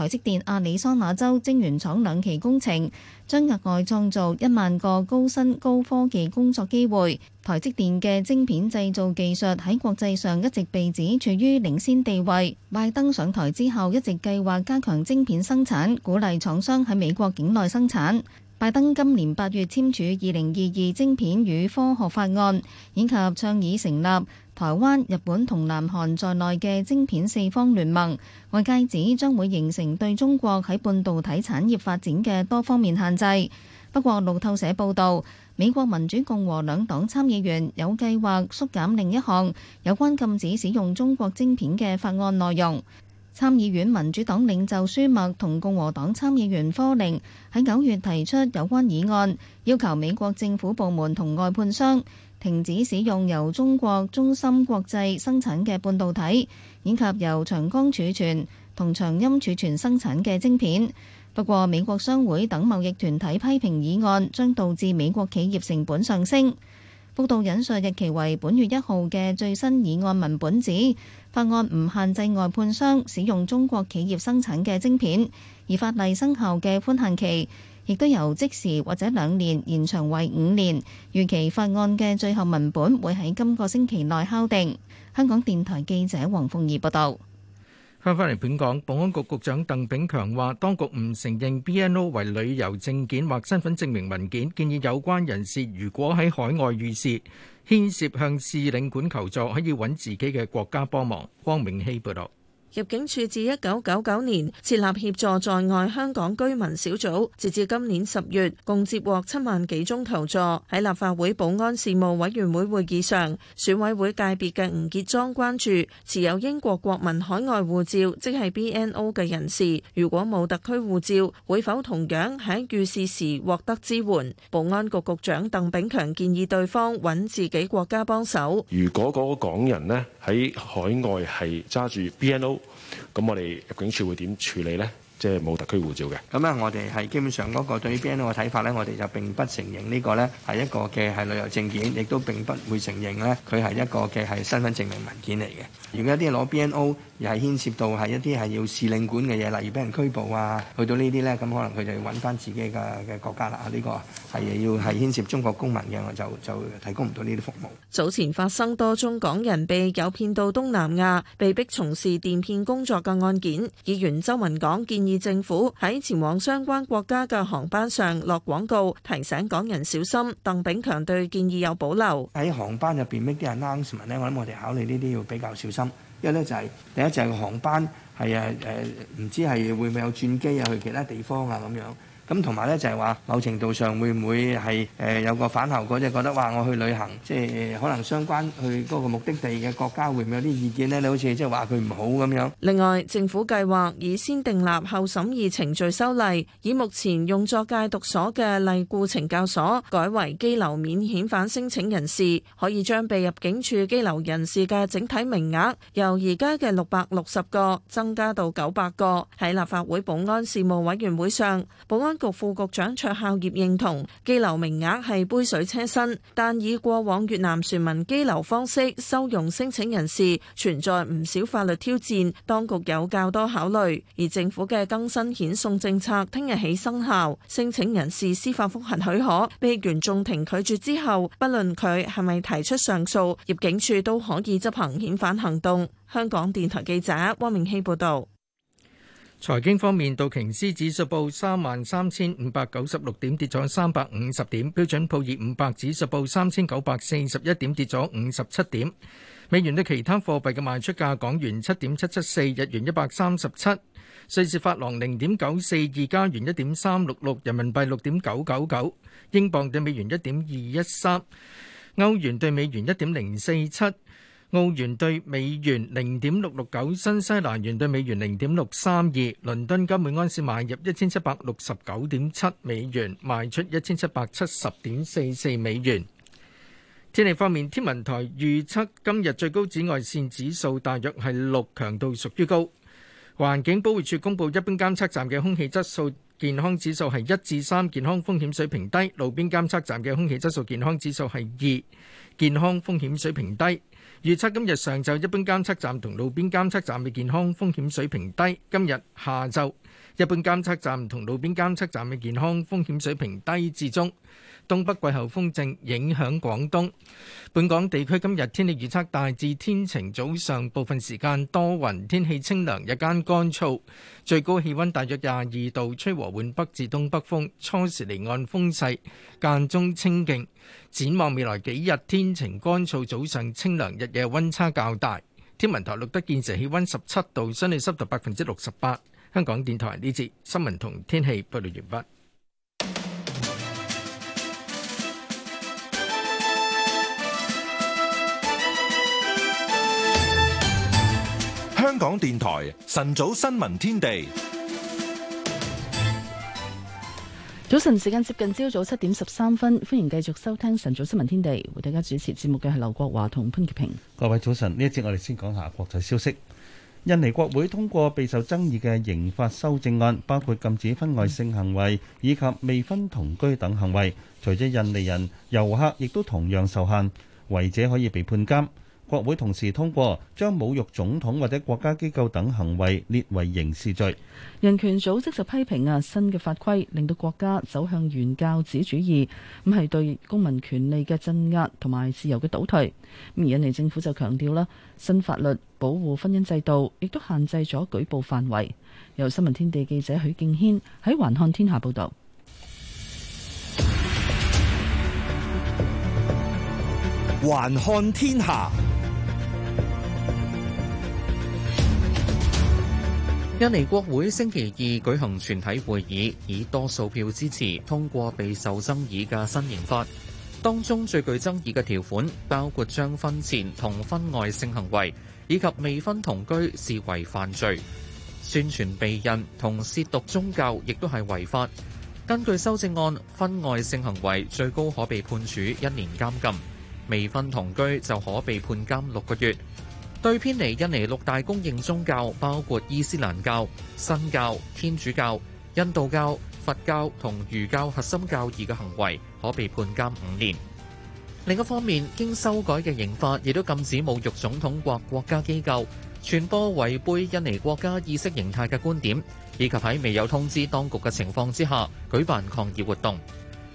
台積電亞利桑那州晶圓廠兩期工程將額外創造一萬個高薪高科技工作機會。台積電嘅晶片製造技術喺國際上一直被指處於領先地位。拜登上台之後一直計劃加強晶片生產，鼓勵廠商喺美國境內生產。拜登今年八月簽署《二零二二晶片與科學法案》，以及倡議成立，台灣、日本同南韓在內嘅晶片四方聯盟，外界指將會形成對中國喺半導體產業發展嘅多方面限制。不過，路透社報導，美國民主共和兩黨參議員有計劃縮減另一項有關禁止使用中國晶片嘅法案內容。參議院民主黨領袖舒默同共和黨參議員科寧喺九月提出有關議案，要求美國政府部門同外判商。停止使用由中國中芯國際生產嘅半導體，以及由長江儲存同長鑫儲存生產嘅晶片。不過，美國商會等貿易團體批評議案將導致美國企業成本上升。報道引述日期為本月一號嘅最新議案文本指，法案唔限制外判商使用中國企業生產嘅晶片，而法例生效嘅寬限期。亦都由即時或者兩年延長為五年。預期法案嘅最後文本會喺今個星期內敲定。香港電台記者黃鳳儀報道。翻返嚟本港，保安局局長鄧炳強話，當局唔承認 BNO 為旅遊證件或身份證明文件，建議有關人士如果喺海外遇事，牽涉向使領館求助，可以揾自己嘅國家幫忙。汪明熙報道。入境處自一九九九年設立協助在外香港居民小組，直至今年十月，共接獲七萬幾宗求助。喺立法會保安事務委員會會議上，選委會界別嘅吳傑莊關注持有英國國民海外護照即係 BNO 嘅人士，如果冇特區護照，會否同樣喺遇事時獲得支援？保安局局長鄧炳強建議對方揾自己國家幫手。如果嗰個港人呢，喺海外係揸住 BNO，咁我哋入境處會點處理咧？即係冇特區護照嘅。咁啊，我哋係基本上嗰個對於 BNO 嘅睇法呢，我哋就並不承認呢個呢係一個嘅係旅遊證件，亦都並不會承認呢佢係一個嘅係身份證明文件嚟嘅。如果一啲攞 BNO 又係牽涉到係一啲係要使領館嘅嘢，例如俾人拘捕啊，去到呢啲呢，咁可能佢就要揾翻自己嘅嘅國家啦。呢個係要係牽涉中國公民嘅，我就就提供唔到呢啲服務。早前發生多宗港人被誘騙到東南亞，被逼從事電騙工作嘅案件，議員周文港建議。而政府喺前往相關國家嘅航班上落廣告，提醒港人小心。鄧炳強對建議有保留。喺航班入邊，呢啲人 l a 我諗我哋考慮呢啲要比較小心。一咧就係、是，第一就係、是、個航班係誒誒，唔、呃、知係會唔會有轉機啊，去其他地方啊咁樣。咁同埋咧就係話某程度上會唔會係誒有個反效果，即係覺得話，我去旅行，即係可能相關去嗰個目的地嘅國家會唔會有啲意見咧？你好似即係話佢唔好咁樣。另外，政府計劃以先訂立後審議程序修例，以目前用作戒毒所嘅勵顧懲教所，改為羈留免遣返申請人士，可以將被入境處羈留人士嘅整體名額，由而家嘅六百六十個增加到九百個。喺立法會保安事務委員會上，保安局副局長卓孝業認同，羈留名額係杯水車薪，但以過往越南船民羈留方式收容申請人士存在唔少法律挑戰，當局有較多考慮。而政府嘅更新遣送政策聽日起生效申請人士司法複核許可被原訟庭拒絕之後，不論佢係咪提出上訴，入境處都可以執行遣返行動。香港電台記者汪明熙報道。財經方面，道瓊斯指數報三萬三千五百九十六點，跌咗三百五十點；標準普爾五百指數報三千九百四十一點，跌咗五十七點。美元對其他貨幣嘅賣出價：港元七點七七四，日元一百三十七，瑞士法郎零點九四二，加元一點三六六，人民幣六點九九九，英鎊對美元一點二一三，歐元對美元一點零四七。澳元兌美元零點六六九，新西蘭元兌美元零點六三二。倫敦金每安士買入一千七百六十九點七美元，賣出一千七百七十點四四美元。天氣方面，天文台預測今日最高紫外線指數大約係六，強度屬於高。環境保護署公佈，一般監測站嘅空氣質素健康指數係一至三，健康風險水平低；路邊監測站嘅空氣質素健康指數係二，健康風險水平低。預測今日上晝一般監測站同路邊監測站嘅健康風險水平低，今日下晝一般監測站同路邊監測站嘅健康風險水平低至中。東北季候風正影響廣東，本港地區今日天氣預測大致天晴，早上部分時間多雲，天氣清涼，日間乾燥，最高氣温大約廿二度，吹和緩北至東北風，初時離岸風勢間中清勁。展望未來幾日天晴乾燥，早上清涼，日夜温差較大。天文台錄得現時氣温十七度，相對濕度百分之六十八。香港電台呢節新聞同天氣報告完畢。港電台晨早新聞天地，早晨時間接近朝早七點十三分，歡迎繼續收聽晨早新聞天地，為大家主持節目嘅係劉國華同潘潔平。各位早晨，呢一節我哋先講下國際消息。印尼國會通過備受爭議嘅刑法修正案，包括禁止婚外性行為以及未婚同居等行為。除咗印尼人遊客亦都同樣受限，違者可以被判監。國會同時通過將侮辱總統或者國家機構等行為列為刑事罪。人權組織就批評啊，新嘅法規令到國家走向原教旨主義，咁係對公民權利嘅鎮壓同埋自由嘅倒退。咁而印尼政府就強調啦，新法律保護婚姻制度，亦都限制咗舉報範圍。由新聞天地記者許敬軒喺《還看天下》報道，《還看天下》。印尼國會星期二舉行全體會議，以多數票支持通過備受爭議嘅新刑法。當中最具爭議嘅條款包括將婚前同婚外性行為以及未婚同居視為犯罪。宣傳避孕同褻瀆宗教亦都係違法。根據修正案，婚外性行為最高可被判處一年監禁，未婚同居就可被判監六個月。對偏離印尼六大公認宗教，包括伊斯蘭教、新教、天主教、印度教、佛教同儒教核心教義嘅行為，可被判監五年。另一方面，經修改嘅刑法亦都禁止侮辱總統或國家機構、傳播違背印尼國家意識形態嘅觀點，以及喺未有通知當局嘅情況之下舉辦抗議活動。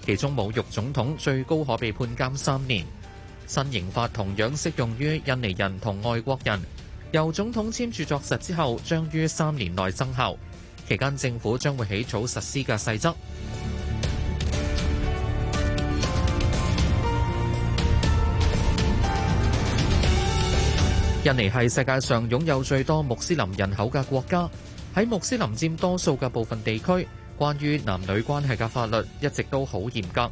其中侮辱總統最高可被判監三年。新刑法同樣適用於印尼人同外國人，由總統簽署作實之後，將於三年內生效。期間政府將會起草實施嘅細則。 印尼係世界上擁有最多穆斯林人口嘅國家，喺穆斯林佔多數嘅部分地區，關於男女關係嘅法律一直都好嚴格。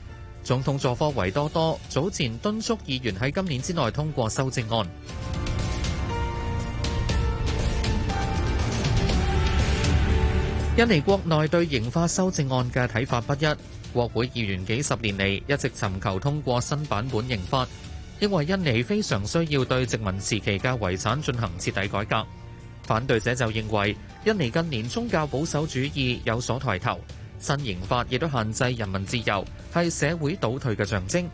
總統佐科維多多早前敦促議員喺今年之內通過修正案。 印尼國內對刑法修正案嘅睇法不一，國會議員幾十年嚟一直尋求通過新版本刑法，因為印尼非常需要對殖民時期嘅遺產進行徹底改革。反對者就認為，印尼近年宗教保守主義有所抬頭。新刑法亦都限制人民自由，係社會倒退嘅象徵。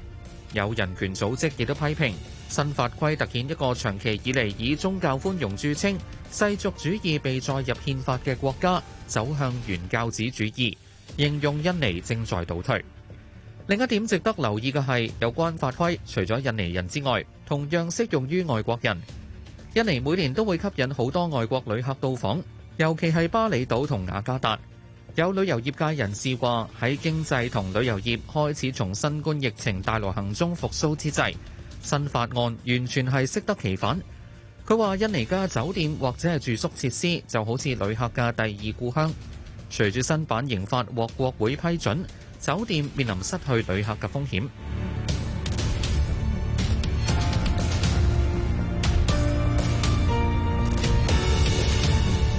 有人權組織亦都批評新法規突顯一個長期以嚟以宗教寬容著稱、世俗主義被載入憲法嘅國家走向原教旨主義，形容印尼正在倒退。另一點值得留意嘅係，有關法規除咗印尼人之外，同樣適用於外國人。印尼每年都會吸引好多外國旅客到訪，尤其係巴厘島同雅加達。有旅遊業界人士話：喺經濟同旅遊業開始從新冠疫情大流行中復甦之際，新法案完全係適得其反。佢話：印尼嘅酒店或者係住宿設施就好似旅客嘅第二故鄉。隨住新版刑法獲國會批准，酒店面臨失去旅客嘅風險。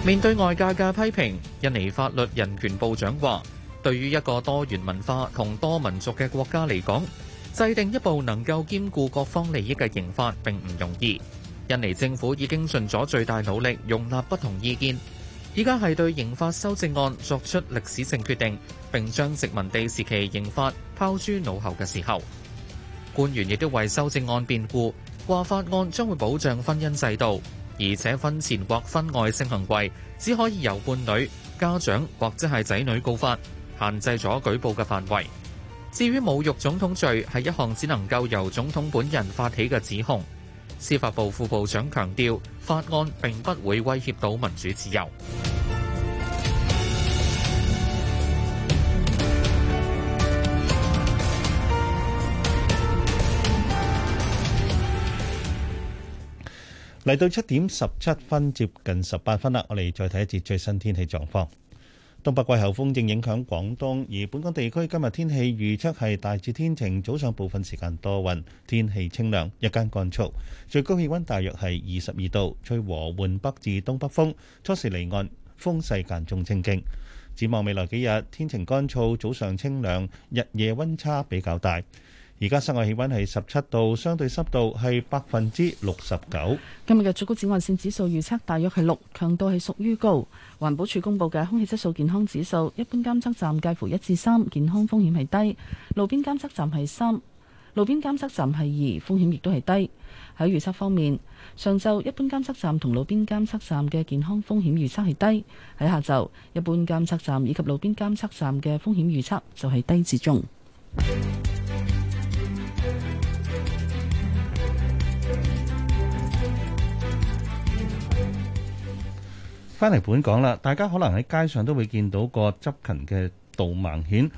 面對外界嘅批評，印尼法律人權部長話，對於一個多元文化同多民族嘅國家嚟講，制定一部能夠兼顧各方利益嘅刑法並唔容易。印尼政府已經盡咗最大努力容納不同意見，依家係對刑法修正案作出歷史性決定，並將殖民地時期刑法拋諸腦後嘅時候。官員亦都為修正案辯護，話法案將會保障婚姻制度。而且婚前或婚外性行為只可以由伴侶、家長或者係仔女告發，限制咗舉報嘅範圍。至於侮辱總統罪，係一項只能夠由總統本人發起嘅指控。司法部副部長強調，法案並不會威脅到民主自由。嚟到七點十七分，接近十八分啦。我哋再睇一節最新天氣狀況。東北季候風正影響廣東，而本港地區今日天氣預測係大致天晴，早上部分時間多雲，天氣清涼，日間乾燥，最高氣溫大約係二十二度，吹和緩北至東北風，初時離岸，風勢間中清勁。展望未來幾日，天晴乾燥，早上清涼，日夜溫差比較大。而家室外氣溫係十七度，相對濕度係百分之六十九。今日嘅最高紫外線指數預測大約係六，強度係屬於高。環保署公布嘅空氣質素健康指數，一般監測站介乎一至三，健康風險係低；路邊監測站係三，路邊監測站係二，風險亦都係低。喺預測方面，上晝一般監測站同路邊監測站嘅健康風險預測係低；喺下晝，一般監測站以及路邊監測站嘅風險預測就係低至中。翻嚟本港啦，大家可能喺街上都會見到個執勤嘅導盲犬，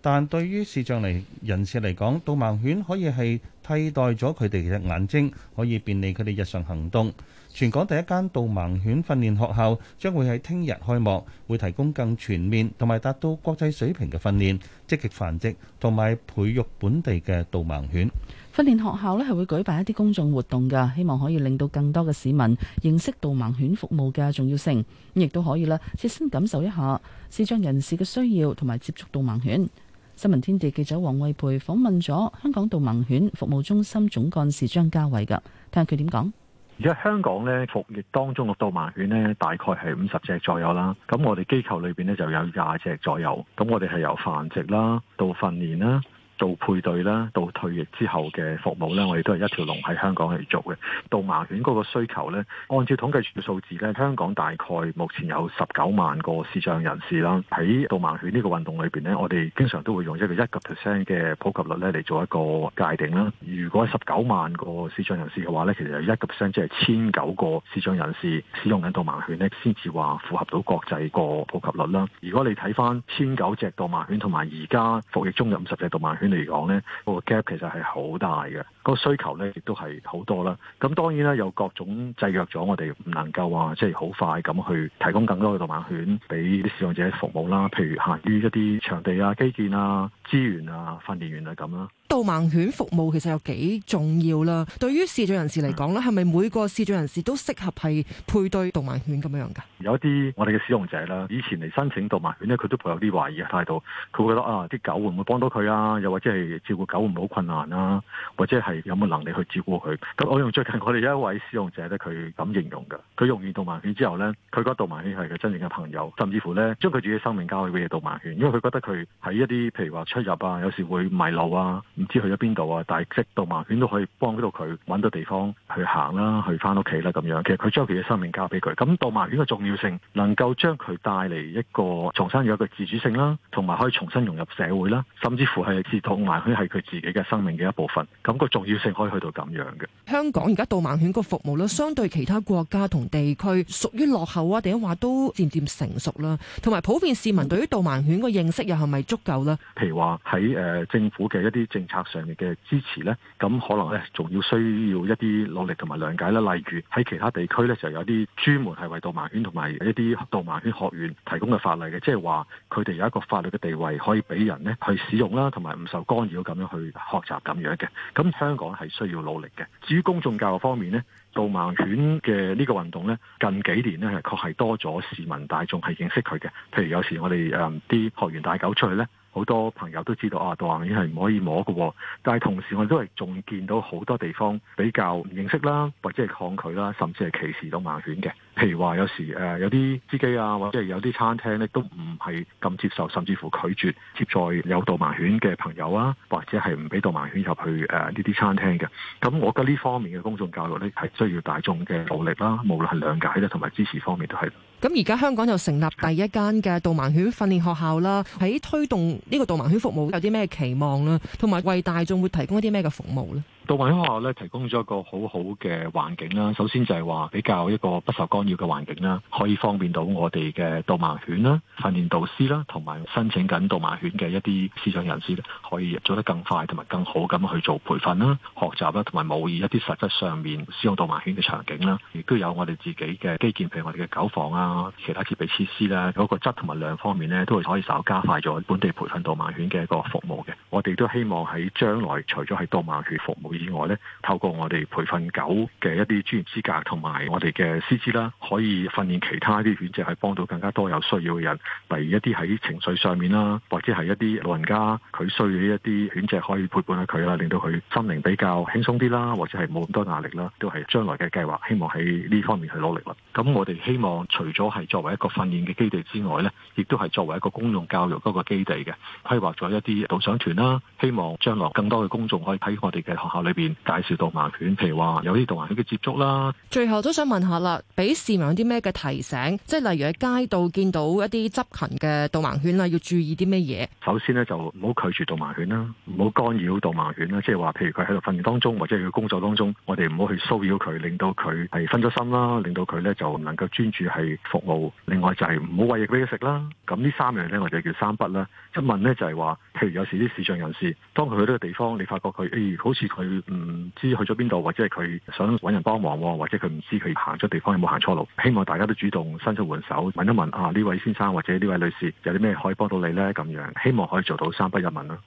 但對於視障嚟人士嚟講，導盲犬可以係替代咗佢哋嘅眼睛，可以便利佢哋日常行動。全港第一間導盲犬訓練學校將會喺聽日開幕，會提供更全面同埋達到國際水平嘅訓練，積極繁殖同埋培育本地嘅導盲犬。訓練學校呢係會舉辦一啲公眾活動噶，希望可以令到更多嘅市民認識導盲犬服務嘅重要性，咁亦都可以啦，切身感受一下視障人士嘅需要同埋接觸導盲犬。新聞天地記者黃慧培訪問咗香港導盲犬服務中心總幹事張家衛噶，聽下佢點講。而家香港呢，服役當中嘅導盲犬呢，大概係五十隻左右啦。咁我哋機構裏邊呢，就有廿隻左右。咁我哋係由繁殖啦，到訓練啦。到配對啦，到退役之後嘅服務呢，我哋都係一條龍喺香港嚟做嘅。導盲犬嗰個需求呢，按照統計數字呢，香港大概目前有十九萬個視障人士啦。喺導盲犬呢個運動裏邊呢，我哋經常都會用一個一個 percent 嘅普及率呢嚟做一個界定啦。如果十九萬個視障人士嘅話呢，其實係一個 percent，即係千九個視障人士使用緊導盲犬呢，先至話符合到國際個普及率啦。如果你睇翻千九隻導盲犬同埋而家服役中有五十隻導盲犬。嚟講咧，個 gap 其實係好大嘅，個需求咧亦都係好多啦。咁當然啦，有各種制約咗我哋唔能夠話即係好快咁去提供更多嘅導盲犬俾啲使用者服務啦。譬如限於一啲場地啊、基建啊、資源啊、訓練員啊咁啦。導盲犬服務其實有幾重要啦，對於視障人士嚟講咧，係咪、嗯、每個視障人士都適合係配對導盲犬咁樣樣噶有一啲我哋嘅使用者咧，以前嚟申請導盲犬咧，佢都抱有啲懷疑嘅態度，佢會覺得啊，啲狗會唔會幫到佢啊？又或者係照顧狗會唔會好困難啊？或者係有冇能力去照顧佢？咁我用最近我哋有一位使用者咧，佢咁形容噶，佢用完導盲犬之後咧，佢覺得導盲犬係佢真正嘅朋友，甚至乎咧將佢自己生命交去俾導盲犬，因為佢覺得佢喺一啲譬如話出入啊，有時會迷路啊。唔知去咗邊度啊！但係即導盲犬都可以幫到佢揾到地方去行啦，去翻屋企啦咁樣。其實佢將佢嘅生命交俾佢，咁導盲犬嘅重要性能夠將佢帶嚟一個重生，有一個自主性啦，同埋可以重新融入社會啦，甚至乎係自導盲犬係佢自己嘅生命嘅一部分，咁個重要性可以去到咁樣嘅。香港而家導盲犬個服務咧，相對其他國家同地區屬於落後啊，定話都漸漸成熟啦，同埋普遍市民對於導盲犬個認識又係咪足夠呢？譬如話喺誒政府嘅一啲政策上面嘅支持呢，咁可能呢仲要需要一啲努力同埋諒解啦。例如喺其他地區呢，就有啲專門係為導盲犬同埋一啲導盲犬學員提供嘅法例嘅，即係話佢哋有一個法律嘅地位，可以俾人呢去使用啦，同埋唔受干擾咁樣去學習咁樣嘅。咁香港係需要努力嘅。至於公眾教育方面呢，導盲犬嘅呢個運動呢，近幾年呢，係確係多咗市民大眾係認識佢嘅。譬如有時我哋誒啲學員帶狗出去呢。好多朋友都知道啊，導盲犬係唔可以摸嘅。哦，但係同時我哋都係仲見到好多地方比較唔認識啦，或者係抗拒啦，甚至係歧視導盲犬嘅。譬如話有時誒、呃、有啲司機啊，或者係有啲餐廳咧都唔係咁接受，甚至乎拒絕接載有導盲犬嘅朋友啊，或者係唔俾導盲犬入去誒呢啲餐廳嘅。咁我覺得呢方面嘅公眾教育咧係需要大眾嘅努力啦、啊，無論係諒解啦同埋支持方面都係。咁而家香港就成立第一間嘅導盲犬訓練學校啦，喺推動呢個導盲犬服務有啲咩期望啦，同埋為大眾會提供一啲咩嘅服務咧？導盲犬學校咧提供咗一個好好嘅環境啦，首先就係話比較一個不受干擾嘅環境啦，可以方便到我哋嘅導盲犬啦、訓練導師啦，同埋申請緊導盲犬嘅一啲思想人士咧，可以做得更快同埋更好咁去做培訓啦、學習啦，同埋模擬一啲實質上面使用導盲犬嘅場景啦。亦都有我哋自己嘅基建，譬如我哋嘅狗房啊、其他設備設施啦，嗰個質同埋量方面咧，都係可以稍加快咗本地培訓導盲犬嘅一個服務嘅。我哋都希望喺將來除咗喺導盲犬服務以外咧，透過我哋培訓狗嘅一啲專業資格同埋我哋嘅師資啦，可以訓練其他啲犬隻，係幫到更加多有需要嘅人。例如一啲喺情緒上面啦，或者係一啲老人家佢需要一啲犬隻可以陪伴下佢啦，令到佢心靈比較輕鬆啲啦，或者係冇咁多壓力啦，都係將來嘅計劃，希望喺呢方面去努力啦。咁我哋希望除咗係作為一個訓練嘅基地之外咧，亦都係作為一個公用教育嗰個基地嘅規劃咗一啲導賞團啦，希望將來更多嘅公眾可以喺我哋嘅學校。裏邊介紹導盲犬，譬如話有啲導盲犬嘅接觸啦。最後都想問下啦，俾市民有啲咩嘅提醒？即係例如喺街道見到一啲執勤嘅導盲犬啦，要注意啲咩嘢？首先呢，就唔好拒絕導盲犬啦，唔好干擾導盲犬啦。即係話，譬如佢喺度訓練當中或者佢工作當中，我哋唔好去騷擾佢，令到佢係分咗心啦，令到佢咧就唔能夠專注係服務。另外就係唔好餵嘢俾佢食啦。咁呢三樣咧我哋叫三不啦。一問呢，就係話，譬如有時啲視障人士，當佢去到呢個地方，你發覺佢，誒、哎、好似佢。唔知去咗邊度，或者係佢想揾人幫忙，或者佢唔知佢行咗地方有冇行錯路。希望大家都主動伸出援手，問一問啊呢位先生或者呢位女士有啲咩可以幫到你呢？咁樣希望可以做到三不一問啦。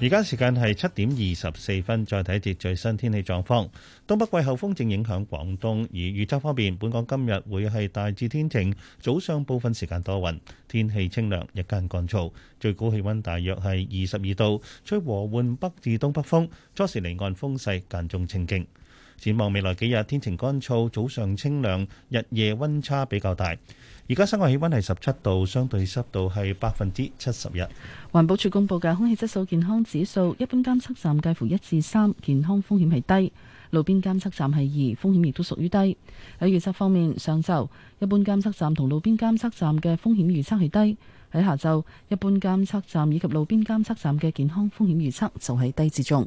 而家時間係七點二十四分，再睇一節最新天氣狀況。東北季候風正影響廣東，而預測方面，本港今日會係大致天晴，早上部分時間多雲，天氣清涼，日間乾燥，最高氣温大約係二十二度，吹和緩北至東北風，初時離岸風勢間中清勁。展望未來幾日天晴乾燥，早上清涼，日夜温差比較大。而家室外氣溫係十七度，相對濕度係百分之七十一。環保署公佈嘅空氣質素健康指數，一般監測站介乎一至三，健康風險係低；路邊監測站係二，風險亦都屬於低。喺預測方面，上晝一般監測站同路邊監測站嘅風險預測係低；喺下晝一般監測站以及路邊監測站嘅健康風險預測就係低至中。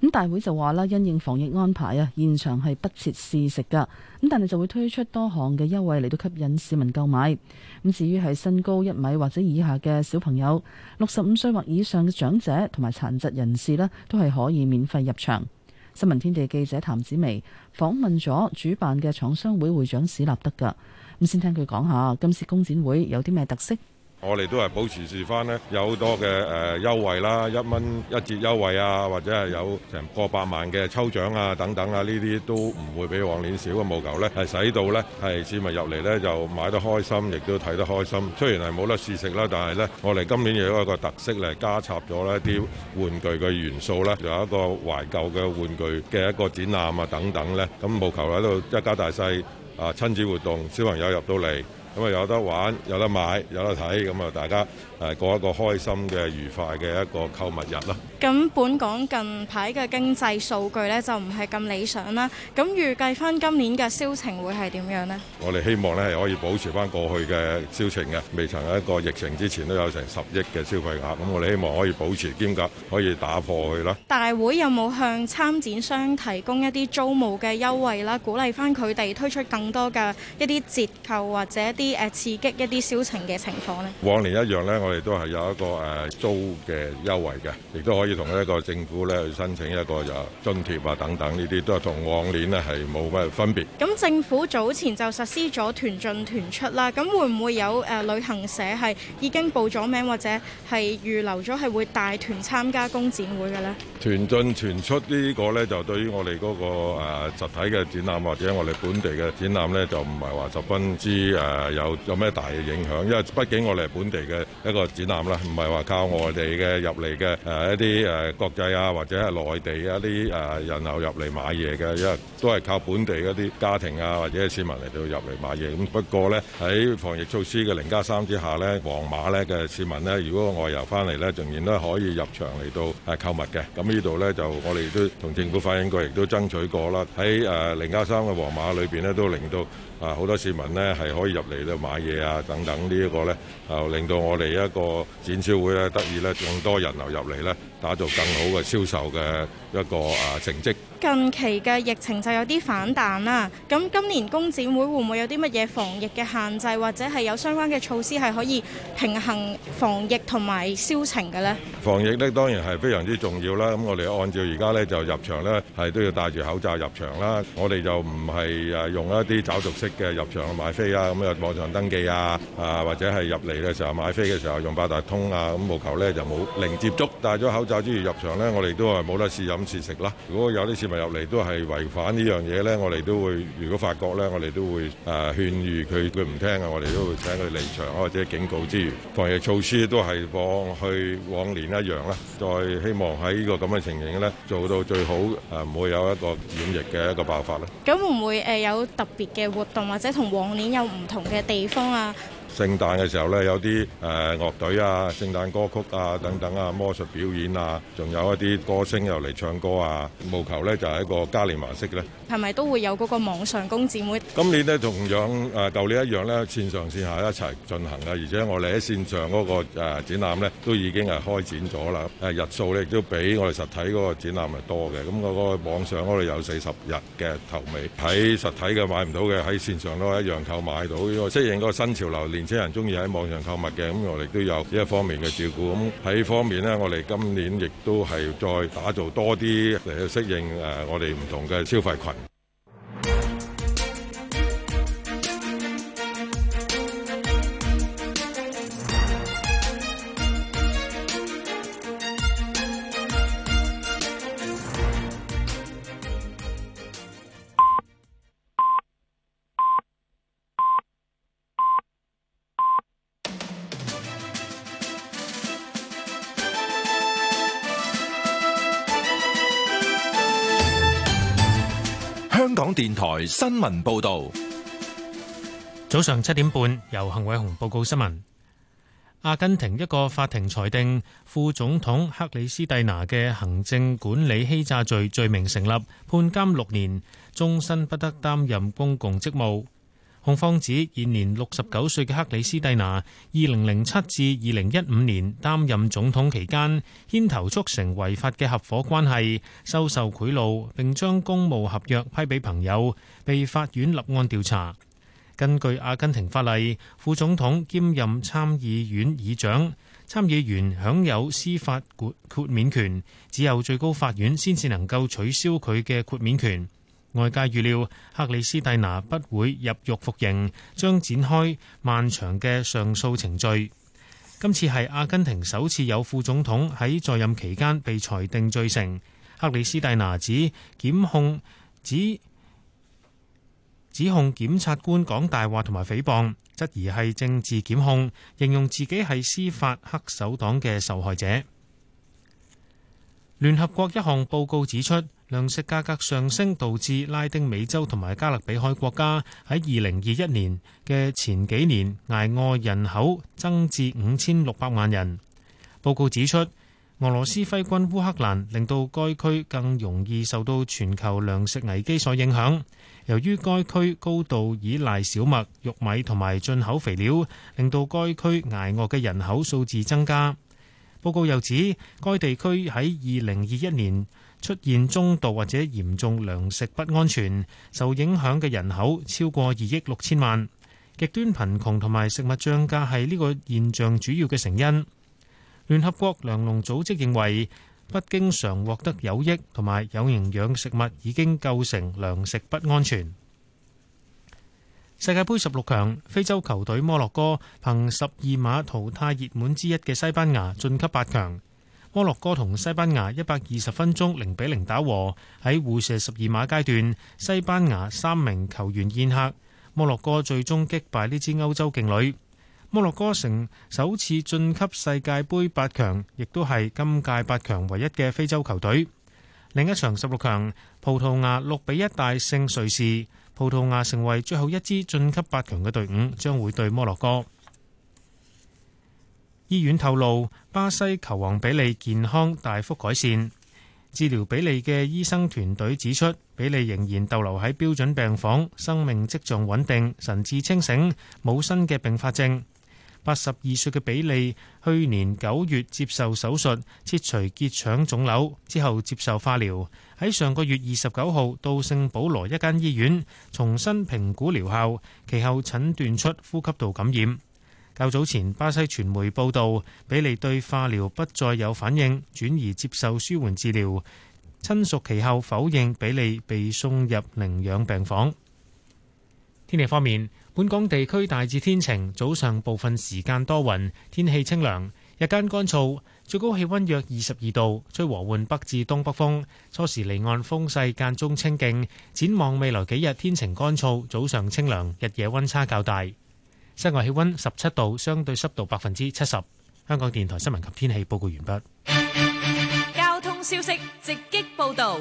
咁大會就話啦，因應防疫安排啊，現場係不設試食㗎。咁但係就會推出多項嘅優惠嚟到吸引市民購買。咁至於係身高一米或者以下嘅小朋友、六十五歲或以上嘅長者同埋殘疾人士呢，都係可以免費入場。新聞天地記者譚子薇訪問咗主辦嘅廠商會會長史立德㗎。咁先聽佢講下今次工展會有啲咩特色？我哋都係保持住翻呢，有好多嘅誒優惠啦，一蚊一折優惠啊，或者係有成過百萬嘅抽獎啊，等等啊，呢啲都唔會比往年少。務求呢係使到呢，係市民入嚟呢就買得開心，亦都睇得開心。雖然係冇得試食啦，但係呢，我哋今年亦都有一個特色嚟，加插咗呢啲玩具嘅元素啦，仲有一個懷舊嘅玩具嘅一個展覽啊，等等呢。咁務求喺度一家大細啊，親子活動，小朋友入到嚟。咁啊，嗯，有得玩，有得買，有得睇。咁啊，大家。誒過一個開心嘅愉快嘅一個購物日啦。咁本港近排嘅經濟數據咧就唔係咁理想啦。咁預計翻今年嘅銷情會係點樣呢？我哋希望咧係可以保持翻過去嘅銷情嘅，未曾有一個疫情之前都有成十億嘅消費額。咁我哋希望可以保持兼夾可以打破去啦。大會有冇向參展商提供一啲租務嘅優惠啦，鼓勵翻佢哋推出更多嘅一啲折扣或者一啲誒刺激一啲銷情嘅情況咧？往年一樣咧。我哋都係有一個誒租嘅優惠嘅，亦都可以同一個政府咧去申請一個就津貼啊等等呢啲，都係同往年咧係冇咩分別，咁政府早前就實施咗團進團出啦，咁會唔會有誒旅行社係已經報咗名或者係預留咗係會帶團參加工展會嘅咧？團進團出個呢個咧，就對於我哋嗰個誒實體嘅展覽或者我哋本地嘅展覽咧，就唔係話十分之誒有有咩大嘅影響，因為畢竟我哋係本地嘅一個展覽啦，唔係話靠外地嘅入嚟嘅誒，一啲誒國際啊，或者係內地一啲誒人流入嚟買嘢嘅，因為都係靠本地嗰啲家庭啊，或者市民嚟到入嚟買嘢。咁不過呢，喺防疫措施嘅零加三之下呢，黃碼呢嘅市民呢，如果外遊翻嚟呢，仍然都可以入場嚟到誒購物嘅。咁呢度呢，就我哋都同政府反映過，亦都爭取過啦。喺誒零加三嘅黃碼裏邊呢，都令到。啊！好多市民呢，係可以入嚟度買嘢啊，等等呢一個呢，就、啊、令到我哋一個展銷會呢，得以呢更多人流入嚟呢，打造更好嘅銷售嘅一個啊成績。近期嘅疫情就有啲反彈啦，咁今年工展會會唔會有啲乜嘢防疫嘅限制，或者係有相關嘅措施係可以平衡防疫同埋銷情嘅呢？防疫呢，當然係非常之重要啦。咁我哋按照而家呢，就入場呢，係都要戴住口罩入場啦。我哋就唔係啊用一啲找續。嘅入場去買飛啊，咁又網上登記啊，啊或者係入嚟嘅時候買飛嘅時候用八達通啊，咁務求咧就冇零接觸，戴咗口罩之餘入場咧，我哋都係冇得試飲試食啦。如果有啲市民入嚟都係違反呢樣嘢咧，我哋都會如果發覺咧，我哋都會誒勸喻佢，佢唔聽啊，我哋都會請佢離場啊或者警告之餘，防疫措施都係往去往年一樣啦。再希望喺呢個咁嘅情形咧，做到最好，誒唔會有一個染疫嘅一個爆發咧。咁會唔會誒有特別嘅活？同或者同往年有唔同嘅地方啊。聖誕嘅時候咧，有啲誒樂隊啊、聖誕歌曲啊等等啊、魔術表演啊，仲有一啲歌星又嚟唱歌啊。務求咧就係一個嘉年華式嘅。係咪都會有嗰個網上工展會？今年咧同樣誒，舊年一樣咧，線上線下一齊進行啊。而且我哋喺線上嗰個誒展覽咧，都已經係開展咗啦。誒日數咧亦都比我哋實體嗰個展覽係多嘅。咁我嗰個網上嗰度有四十日嘅頭尾，喺實體嘅買唔到嘅喺線上都一樣購買到。呢個適應嗰個新潮流連。啲人中意喺網上購物嘅，咁我哋都有呢一方面嘅照顧。咁喺呢方面咧，我哋今年亦都係再打造多啲嚟去適應誒我哋唔同嘅消費群。新聞報道，早上七點半，由幸偉紅報告新聞。阿根廷一個法庭裁定副總統克里斯蒂娜嘅行政管理欺詐罪罪名成立，判監六年，終身不得擔任公共職務。控方指，現年六十九歲嘅克里斯蒂娜，二零零七至二零一五年擔任總統期間，牽頭促成違法嘅合伙關係，收受賄賂，並將公務合約批俾朋友，被法院立案調查。根據阿根廷法例，副總統兼任參議院議長，參議員享有司法豁免權，只有最高法院先至能夠取消佢嘅豁免權。外界預料克里斯蒂娜不會入獄服刑，將展開漫長嘅上訴程序。今次係阿根廷首次有副總統喺在在任期間被裁定罪成。克里斯蒂娜指檢控指指控檢察官講大話同埋誹謗，質疑係政治檢控，形容自己係司法黑手黨嘅受害者。聯合國一項報告指出，糧食價格上升導致拉丁美洲同埋加勒比海國家喺二零二一年嘅前幾年挨餓人口增至五千六百萬人。報告指出，俄羅斯揮軍烏克蘭，令到該區更容易受到全球糧食危機所影響。由於該區高度依賴小麥、玉米同埋進口肥料，令到該區挨餓嘅人口數字增加。報告又指，該地區喺二零二一年。出現中度或者嚴重糧食不安全，受影響嘅人口超過二億六千萬。極端貧窮同埋食物漲價係呢個現象主要嘅成因。聯合國糧農組織認為，不經常獲得有益同埋有營養食物已經構成糧食不安全。世界杯十六強，非洲球隊摩洛哥憑十二碼淘汰熱門之一嘅西班牙，晉級八強。摩洛哥同西班牙一百二十分鐘零比零打和，喺互射十二碼階段，西班牙三名球員宴客，摩洛哥最終擊敗呢支歐洲勁旅。摩洛哥成首次晉級世界杯八強，亦都係今屆八強唯一嘅非洲球隊。另一場十六強，葡萄牙六比一大勝瑞士，葡萄牙成為最後一支晉級八強嘅隊伍，將會對摩洛哥。醫院透露，巴西球王比利健康大幅改善。治療比利嘅醫生團隊指出，比利仍然逗留喺標準病房，生命跡象穩定，神志清醒，冇新嘅併發症。八十二歲嘅比利去年九月接受手術切除結腸腫瘤，之後接受化療。喺上個月二十九號到聖保羅一間醫院重新評估療效，其後診斷出呼吸道感染。較早前，巴西傳媒報道，比利對化療不再有反應，轉而接受舒緩治療。親屬其後否認比利被送入寧養病房。天氣方面，本港地區大致天晴，早上部分時間多雲，天氣清涼，日間乾燥，最高氣溫約二十二度，吹和緩北至東北風，初時離岸風勢間中清勁。展望未來幾日，天晴乾燥，早上清涼，日夜溫差較大。室外氣溫十七度，相對濕度百分之七十。香港電台新聞及天氣報告完畢。交通消息直擊報道。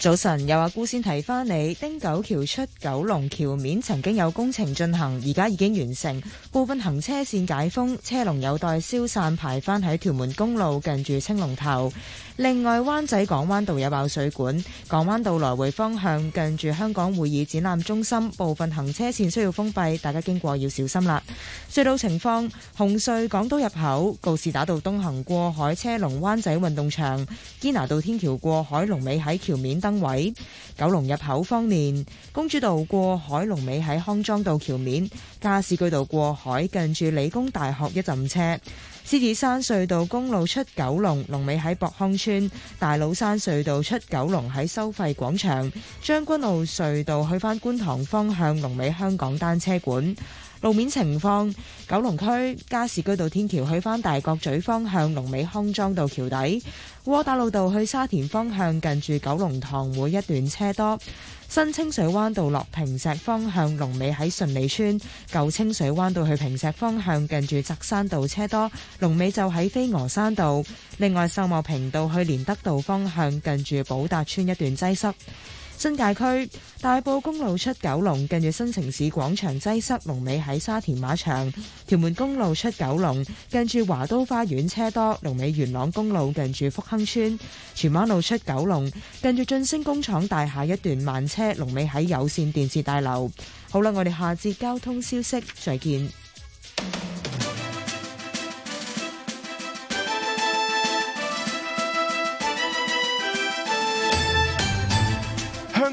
早晨，有阿姑先提翻你，汀九橋出九龍橋面曾經有工程進行，而家已經完成，部分行車線解封，車龍有待消散，排翻喺屯門公路近住青龍頭。另外，灣仔港灣道有爆水管，港灣道來回方向近住香港會議展覽中心部分行車線需要封閉，大家經過要小心啦。隧道情況：紅隧港島入口告士打道東行過海車龍，灣仔運動場堅拿道天橋過海龍尾喺橋面燈位；九龍入口方面，公主道過海龍尾喺康莊道橋面，加士居道過海近住理工大學一陣車。獅子山隧道公路出九龍，龍尾喺博康村；大老山隧道出九龍喺收費廣場；將軍澳隧道去返觀塘方向，龍尾香港單車館。路面情況：九龍區加士居道天橋去返大角咀方向，龍尾康莊道橋底；窩打老道去沙田方向，近住九龍塘每一段車多。新清水灣道落坪石方向，龍尾喺順利村，舊清水灣道去坪石方向近住澤山道車多，龍尾就喺飛鵝山道。另外，秀茂坪道去連德道方向近住寶達村一段擠塞。新界區大埔公路出九龍，近住新城市廣場擠塞，龍尾喺沙田馬場；屯門公路出九龍，近住華都花園車多，龍尾元朗公路近住福亨村；荃灣路出九龍，近住晉升工廠大廈一段慢車，龍尾喺有線電視大樓。好啦，我哋下節交通消息再見。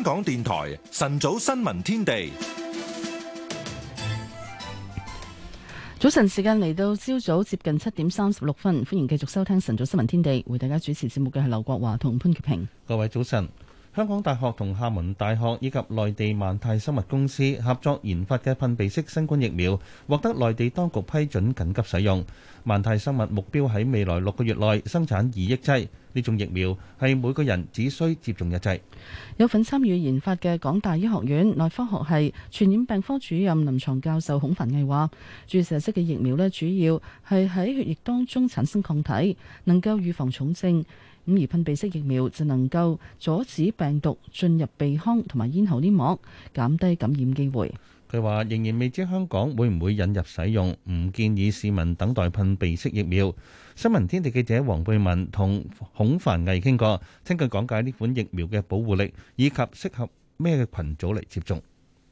港電台晨早新聞天地，早晨時間嚟到朝早接近七點三十六分，歡迎繼續收聽晨早新聞天地。為大家主持節目嘅係劉國華同潘潔平。各位早晨！香港大學同廈門大學以及內地萬泰生物公司合作研發嘅噴鼻式新冠疫苗獲得內地當局批准緊急使用。萬泰生物目標喺未來六個月內生產二億劑。呢種疫苗係每個人只需接種一劑。有份參與研發嘅港大醫學院內科學系傳染病科主任臨床教授孔凡毅話，注射式嘅疫苗呢，主要係喺血液當中產生抗體，能夠預防重症。咁而噴鼻式疫苗就能夠阻止病毒進入鼻腔同埋咽喉黏膜，減低感染機會。佢話仍然未知香港會唔會引入使用，唔建議市民等待噴鼻式疫苗。新聞天地記者黃慧文同孔凡毅傾過，聽佢講解呢款疫苗嘅保護力以及適合咩嘅群組嚟接種。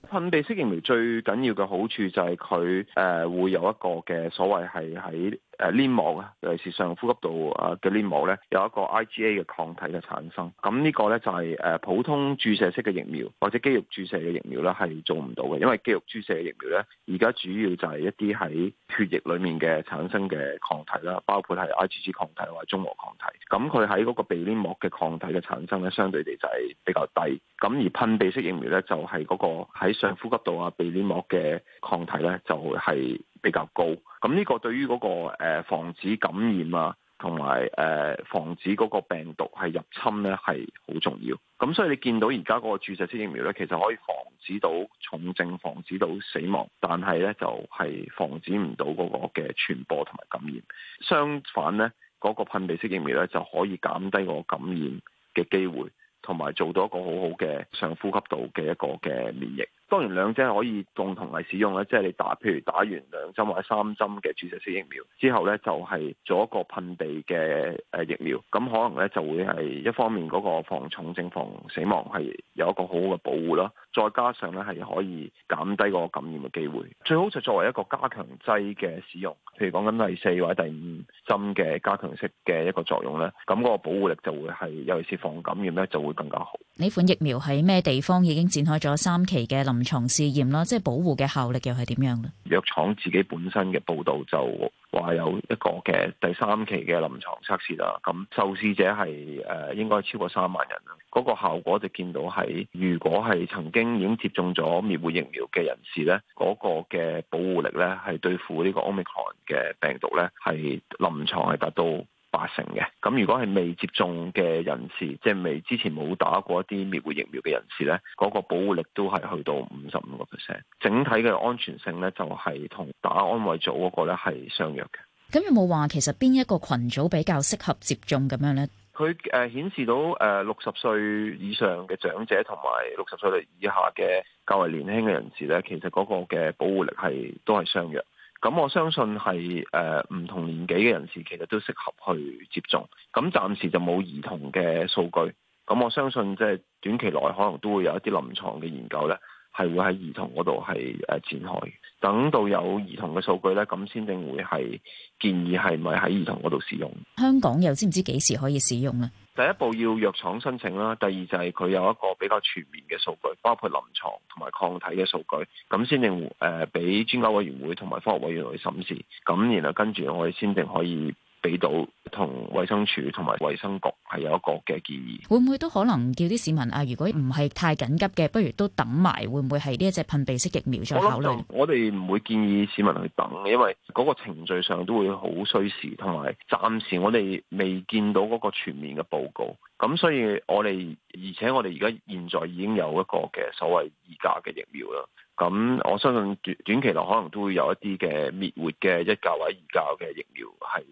噴鼻式疫苗最緊要嘅好處就係佢誒，會有一個嘅所謂係喺。 誒黏膜啊，尤其是上呼吸道啊嘅黏膜咧，有一個 IgA 嘅抗體嘅產生。咁、這、呢個咧就係誒普通注射式嘅疫苗或者肌肉注射嘅疫苗咧，係做唔到嘅，因為肌肉注射嘅疫苗咧，而家主要就係一啲喺血液裡面嘅產生嘅抗體啦，包括係 IgG 抗體或者中和抗體。咁佢喺嗰個鼻黏膜嘅抗體嘅產生咧，相對地就係比較低。咁而噴鼻式疫苗咧，就係嗰個喺上呼吸道啊鼻黏膜嘅抗體咧，就會係，比較高，咁呢個對於嗰個防止感染啊，同埋誒防止嗰個病毒係入侵呢，係好重要。咁所以你見到而家嗰個注射式疫苗呢，其實可以防止到重症、防止到死亡，但係呢就係、是、防止唔到嗰個嘅傳播同埋感染。相反呢，嗰、那個噴鼻式疫苗呢，就可以減低個感染嘅機會，同埋做到一個好好嘅上呼吸道嘅一個嘅免疫。當然兩者可以共同嚟使用咧，即係你打譬如打完兩針或者三針嘅注射式疫苗之後咧，就係做一個噴鼻嘅誒疫苗，咁可能咧就會係一方面嗰個防重症、防死亡係有一個好好嘅保護啦，再加上咧係可以減低嗰個感染嘅機會。最好就作為一個加強劑嘅使用，譬如講緊第四或者第五針嘅加強式嘅一個作用咧，咁嗰個保護力就會係尤其是防感染咧就會更加好。呢款疫苗喺咩地方已經展開咗三期嘅臨臨床試驗啦，即係保護嘅效力又係點樣呢？藥廠自己本身嘅報道就話有一個嘅第三期嘅臨床測試啦，咁受試者係誒、呃、應該超過三萬人啦。嗰、那個效果就見到係如果係曾經已經接種咗滅活疫苗嘅人士咧，嗰、那個嘅保護力咧係對付呢個歐 m i 嘅病毒咧係臨床係達到。八成嘅，咁如果係未接種嘅人士，即係未之前冇打過一啲滅活疫苗嘅人士咧，嗰個保護力都係去到五十五個 percent，整體嘅安全性咧就係同打安慰組嗰個咧係相約嘅。咁有冇話其實邊一個群組比較適合接種咁樣咧？佢誒顯示到誒六十歲以上嘅長者，同埋六十歲以下嘅較為年輕嘅人士咧，其實嗰個嘅保護力係都係相約。咁我相信係誒唔同年紀嘅人士，其實都適合去接種，咁暫時就冇兒童嘅數據，咁我相信即係短期內可能都會有一啲臨床嘅研究咧。係會喺兒童嗰度係誒展開，等到有兒童嘅數據咧，咁先定會係建議係咪喺兒童嗰度使用？香港又知唔知幾時可以使用啊？第一步要藥廠申請啦，第二就係佢有一個比較全面嘅數據，包括臨床同埋抗體嘅數據，咁先定誒俾專家委員會同埋科學委員會審視，咁然後跟住我哋先定可以，俾到同衛生署同埋衛生局係有一個嘅建議，會唔會都可能叫啲市民啊？如果唔係太緊急嘅，不如都等埋，會唔會係呢一隻噴鼻式疫苗再考慮？我哋唔會建議市民去等，因為嗰個程序上都會好需時，同埋暫時我哋未見到嗰個全面嘅報告，咁所以我哋而且我哋而家現在已經有一個嘅所謂二價嘅疫苗啦。咁我相信短短期內可能都會有一啲嘅滅活嘅一價或者二價嘅疫苗係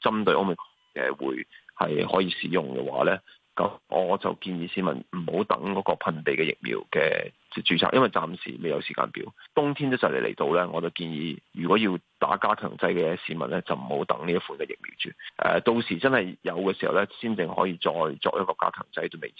誒針對歐美誒會係可以使用嘅話咧，咁我就建議市民唔好等嗰個噴鼻嘅疫苗嘅註冊，因為暫時未有時間表。冬天一陣嚟嚟到咧，我就建議如果要打加強劑嘅市民咧，就唔好等呢一款嘅疫苗住。誒，到時真係有嘅時候咧，先正可以再作一個加強劑都未遲。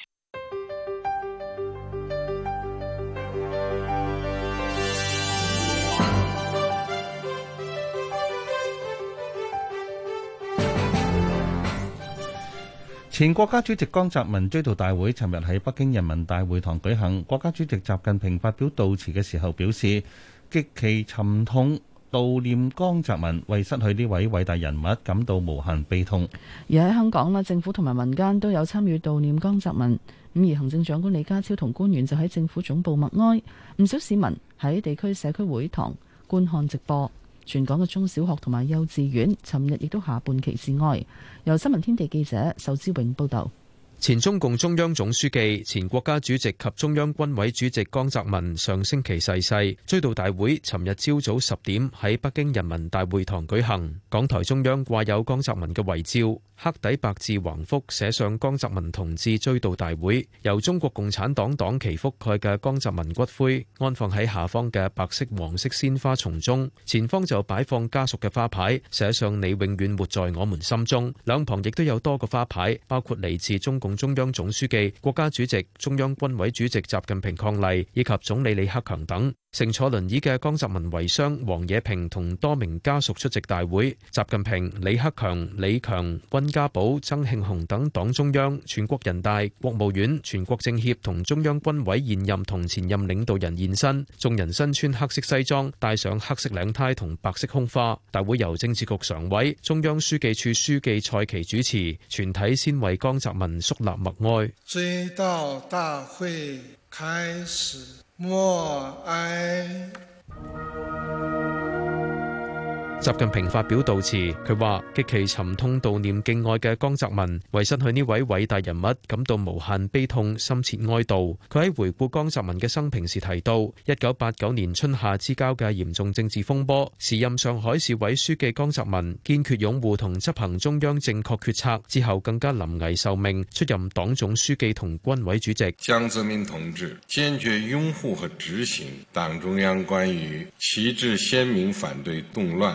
前國家主席江澤民追悼大會尋日喺北京人民大會堂舉行，國家主席習近平發表悼詞嘅時候表示極其沉痛悼念江澤民，為失去呢位偉大人物感到無限悲痛。而喺香港咧，政府同埋民間都有參與悼念江澤民。咁而行政長官李家超同官員就喺政府總部默哀，唔少市民喺地區社區會堂觀看直播。全港嘅中小學同埋幼稚園尋日亦都下半旗誌哀。由新聞天地記者仇之永報道。前中共中央總書記、前國家主席及中央軍委主席江澤民上星期逝世，追悼大會尋日朝早十點喺北京人民大會堂舉行。港台中央掛有江澤民嘅遺照，黑底白字橫幅寫上江澤民同志追悼大會。由中國共產黨黨旗覆蓋嘅江澤民骨灰安放喺下方嘅白色黃色鮮花叢中，前方就擺放家屬嘅花牌，寫上你永遠活在我們心中。兩旁亦都有多個花牌，包括嚟自中共。中央總書記、國家主席、中央軍委主席習近平伉儷，以及總理李克強等。乘坐輪椅嘅江澤民遺孀王冶平同多名家屬出席大會。習近平、李克強、李強、溫家寶、曾慶紅等黨中央、全國人大、國務院、全國政協同中央軍委現任同前任領導人現身。眾人身穿黑色西裝，戴上黑色領呔同白色胸花。大會由政治局常委、中央書記處書記蔡奇主持。全體先為江澤民肅立默哀。追悼大會開始。默哀。習近平發表悼詞，佢話極其沉痛悼念敬愛嘅江澤民，為失去呢位偉大人物感到無限悲痛、深切哀悼。佢喺回顧江澤民嘅生平時提到，一九八九年春夏之交嘅嚴重政治風波，時任上海市委書記江澤民堅決擁護同執行中央正確決策之後，更加臨危受命出任黨總書記同軍委主席。江澤民同志堅決擁護和執行黨中央關於旗幟鮮明反對動亂。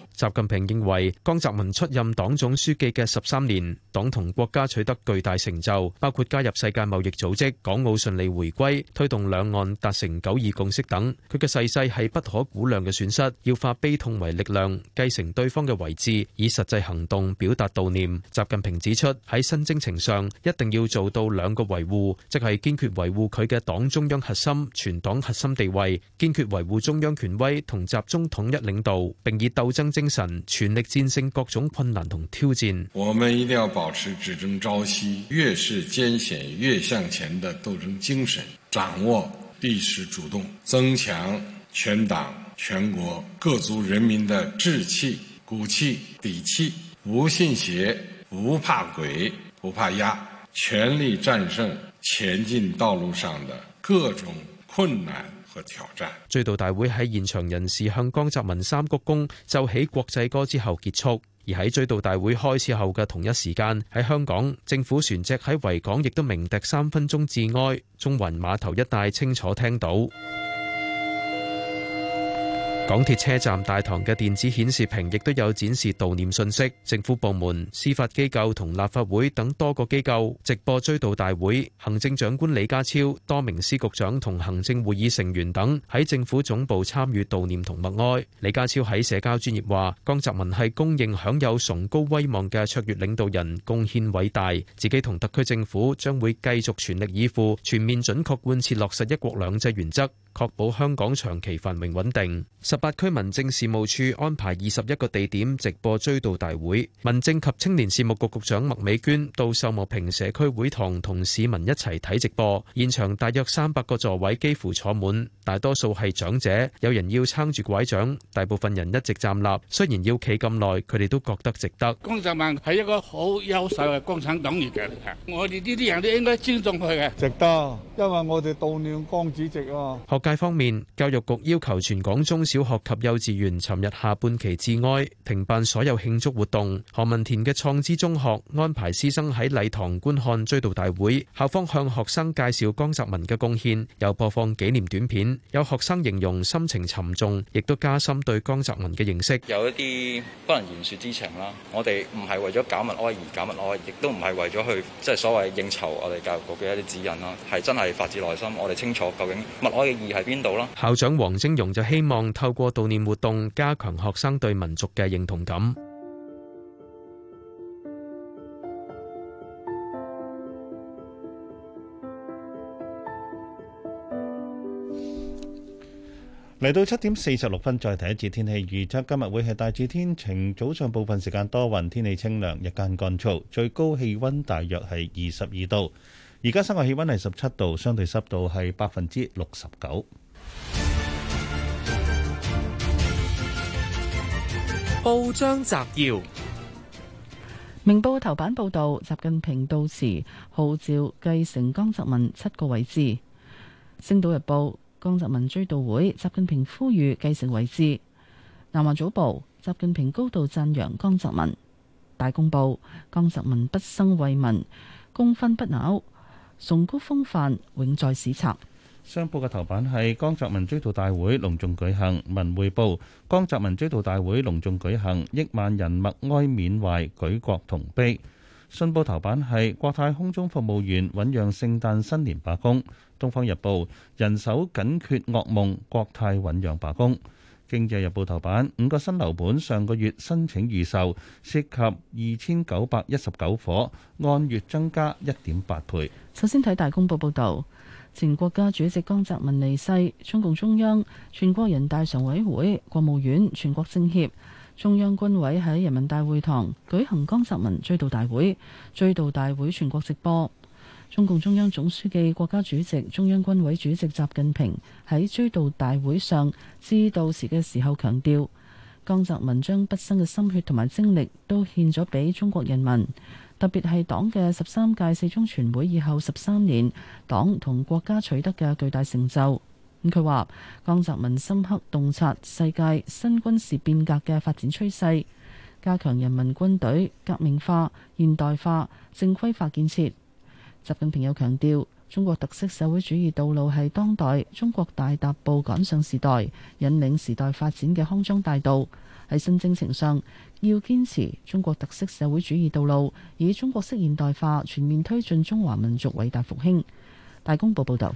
習近平認為江澤民出任黨總書記嘅十三年，黨同國家取得巨大成就，包括加入世界貿易組織、港澳順利回歸、推動兩岸達成九二共識等。佢嘅逝世係不可估量嘅損失，要化悲痛為力量，繼承對方嘅位置，以實際行動表達悼念。習近平指出，喺新征程上，一定要做到兩個維護，即係堅決維護佢嘅黨中央核心、全黨核心地位，堅決維護中央權威同集中統一領導，並以鬥爭精神全力戰勝各種困難同挑戰，我們一定要保持只爭朝夕、越是艱險越向前的鬥爭精神，掌握歷史主動，增強全黨全國各族人民的志氣、骨氣、底氣，不信邪、不怕鬼、不怕壓，全力戰勝前進道路上的各種困難。追悼大會喺現場人士向江澤民三鞠躬，奏起國際歌之後結束。而喺追悼大會開始後嘅同一時間，喺香港政府船隻喺維港亦都鳴笛三分鐘致哀，中環碼頭一帶清楚聽到。港鐵車站大堂嘅電子顯示屏亦都有展示悼念信息，政府部門、司法機構同立法會等多個機構直播追悼大會，行政長官李家超、多名司局長同行政會議成員等喺政府總部參與悼念同默哀。李家超喺社交專頁話：江澤民係公認享有崇高威望嘅卓越領導人，貢獻偉大，自己同特區政府將會繼續全力以赴，全面準確貫徹落實一國兩制原則。確保香港長期繁榮穩定。十八區民政事務處安排二十一個地點直播追悼大會，民政及青年事務局局長麥美娟到秀茂坪社區會堂同市民一齊睇直播。現場大約三百個座位幾乎坐滿，大多數係長者，有人要撐住拐杖，大部分人一直站立。雖然要企咁耐，佢哋都覺得值得。江澤民係一個好優秀嘅共產黨員嚟嘅，我哋呢啲人都應該尊重佢嘅。值得，因為我哋悼念江主席啊。各界方面，教育局要求全港中小學及幼稚園尋日下半旗致哀，停辦所有慶祝活動。何文田嘅創知中學安排師生喺禮堂觀看追悼大會，校方向學生介紹江澤民嘅貢獻，又播放紀念短片。有學生形容心情沉重，亦都加深對江澤民嘅認識。有一啲不能言說之情啦。我哋唔係為咗搞默哀而搞默哀，亦都唔係為咗去即係、就是、所謂應酬我哋教育局嘅一啲指引啦，係真係發自內心。我哋清楚究竟默哀嘅意係校長黃晶容就希望透過悼念活動加強學生對民族嘅認同感。嚟到七點四十六分，再睇一次天氣預測，今日會係大致天晴，早上部分時間多雲，天氣清涼，日間乾燥，最高氣温大約係二十二度。而家室外氣溫係十七度，相對濕度係百分之六十九。報章摘要：明報頭版報導，習近平到時號召繼承江澤民七個位置。星島日報：江澤民追悼會，習近平呼籲繼承位置。南華早報：習近平高度讚揚江澤民。大公報：江澤民不生為民，公分不朽。崇高風範永在史冊。商報嘅頭版係江澤民追悼大會隆重舉行，文匯報江澤民追悼大會隆重舉行，億萬人默哀緬懷，舉國同悲。信報頭版係國泰空中服務員醞釀聖誕新年罷工，東方日報人手緊缺惡夢，國泰醞釀罷工。《經濟日報》頭版，五個新樓盤上個月申請預售，涉及二千九百一十九伙，按月增加一點八倍。首先睇大公報報導，前國家主席江澤民離世，中共中央、全國人大常委會、國務院、全國政協、中央軍委喺人民大會堂舉行江澤民追悼大會，追悼大會全國直播。中共中央總書記、國家主席、中央軍委主席習近平喺追悼大會上，致悼詞嘅時候強調，江澤民將畢生嘅心血同埋精力都獻咗俾中國人民，特別係黨嘅十三屆四中全會以後十三年，黨同國家取得嘅巨大成就。佢話，江澤民深刻洞察世界新軍事變革嘅發展趨勢，加強人民軍隊革命化、現代化、正規化建設。習近平又強調，中國特色社會主義道路係當代中國大踏步趕上時代、引領時代發展嘅康莊大道。喺新征程上，要堅持中國特色社會主義道路，以中國式現代化全面推進中華民族偉大復興。大公報報道。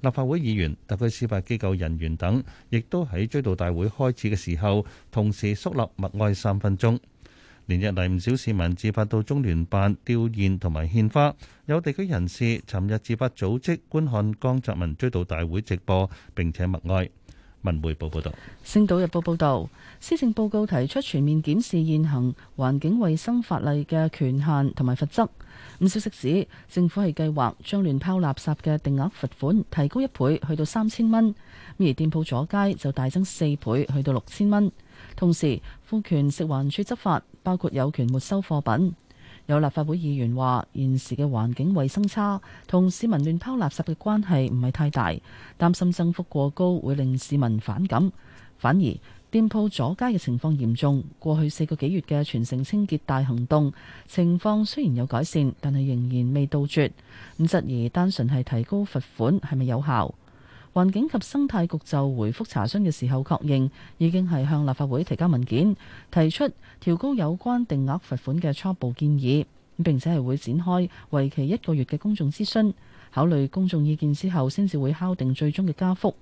立法會議員、特區司法機構人員等，亦都喺追悼大會開始嘅時候，同時肅立默哀三分鐘。連日嚟唔少市民自發到中聯辦吊唁同埋獻花，有地區人士尋日自發組織觀看江澤民追悼大會直播並且默哀。文匯報報道，《星島日報》報道，施政報告提出全面檢視現行環境衛生法例嘅權限同埋罰則。唔消息指，政府係計劃將亂拋垃圾嘅定額罰款提高一倍，去到三千蚊；而店鋪阻街就大增四倍，去到六千蚊。同時，賦權食環署執法，包括有權沒收貨品。有立法會議員話：現時嘅環境衞生差，同市民亂拋垃圾嘅關係唔係太大，擔心增幅過高會令市民反感。反而店鋪阻街嘅情況嚴重，過去四個幾月嘅全城清潔大行動情況雖然有改善，但係仍然未杜絕。咁質疑單純係提高罰款係咪有效？環境及生態局就回覆查詢嘅時候，確認已經係向立法會提交文件，提出調高有關定額罰款嘅初步建議，咁並且係會展開，為期一個月嘅公眾諮詢，考慮公眾意見之後，先至會敲定最終嘅加幅。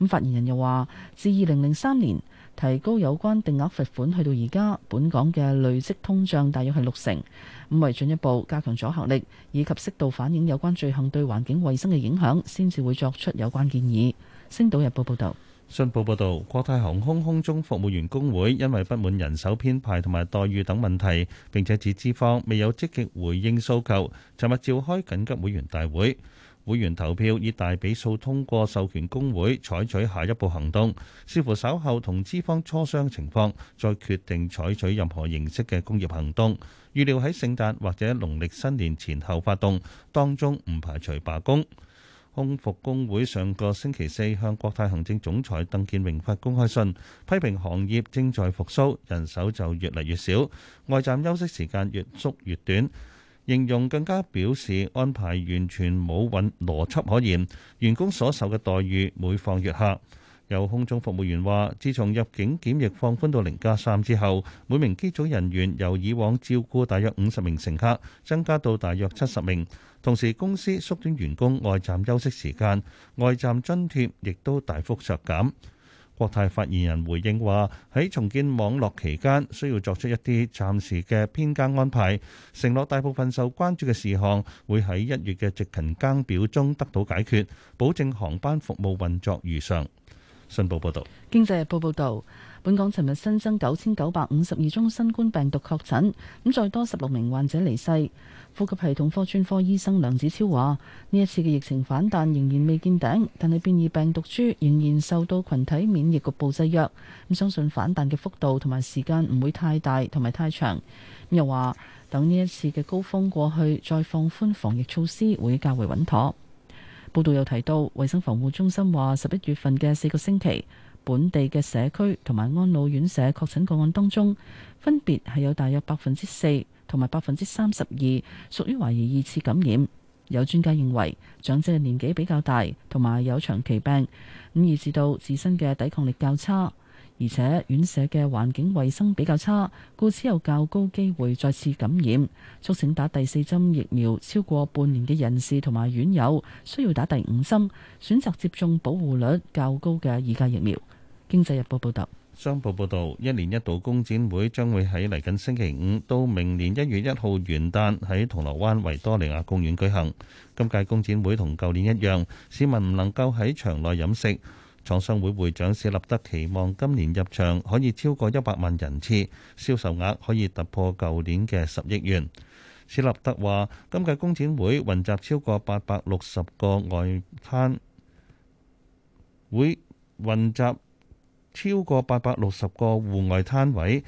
咁發言人又話，自二零零三年，提高有關定額罰款，去到而家，本港嘅累積通脹大約係六成咁，五為進一步加強阻嚇力，以及適度反映有關罪行對環境衛生嘅影響，先至會作出有關建議。星島日報報道，信報報道，國泰航空空中服務員工會因為不滿人手編排同埋待遇等問題，並且指資方未有積極回應訴求，尋日召開緊急會員大會。會員投票以大比數通過授權工會採取下一步行動，視乎稍後同資方磋商情況，再決定採取任何形式嘅工業行動。預料喺聖誕或者農曆新年前後發動，當中唔排除罷工。空服工會上個星期四向國泰行政總裁鄧建榮發公開信，批評行業正在復甦，人手就越嚟越少，外站休息時間越縮越短。形容更加表示安排完全冇穩邏輯可言，員工所受嘅待遇每況愈下。有空中服務員話自從入境檢疫放寬到零加三之後，每名機組人員由以往照顧大約五十名乘客，增加到大約七十名。同時公司縮短員工外站休息時間，外站津貼亦都大幅削減。國泰發言人回應話：喺重建網絡期間，需要作出一啲暫時嘅編更安排，承諾大部分受關注嘅事項會喺一月嘅值勤更表中得到解決，保證航班服務運作如常。信報報導，《經濟日報》報導，本港尋日新增九千九百五十二宗新冠病毒確診，咁再多十六名患者離世。呼吸系統科專科醫生梁子超話，呢一次嘅疫情反彈仍然未見頂，但係變異病毒株仍然受到群體免疫局部制約，咁相信反彈嘅幅度同埋時間唔會太大同埋太長。又話等呢一次嘅高峰過去，再放寬防疫措施會較為穩妥。報道又提到，衞生防護中心話，十一月份嘅四個星期，本地嘅社區同埋安老院舍確診個案當中，分別係有大約百分之四同埋百分之三十二屬於懷疑二次感染。有專家認為，長者嘅年紀比較大，同埋有長期病，咁以致到自身嘅抵抗力較差。而且院舍嘅環境衛生比較差，故此有較高機會再次感染。促請打第四針疫苗超過半年嘅人士同埋院友需要打第五針，選擇接種保護率較高嘅二價疫苗。經濟日報報道，商報報道，一年一度工展會將會喺嚟緊星期五到明年一月一號元旦喺銅鑼灣維多利亞公園舉行。今屆工展會同舊年一樣，市民唔能夠喺場內飲食。廠商會會長史立德期望今年入場可以超過一百萬人次，銷售額可以突破舊年嘅十億元。史立德話：今屆工展會雲集超過八百六十個外攤，會雲集超過八百六十個戶外攤位。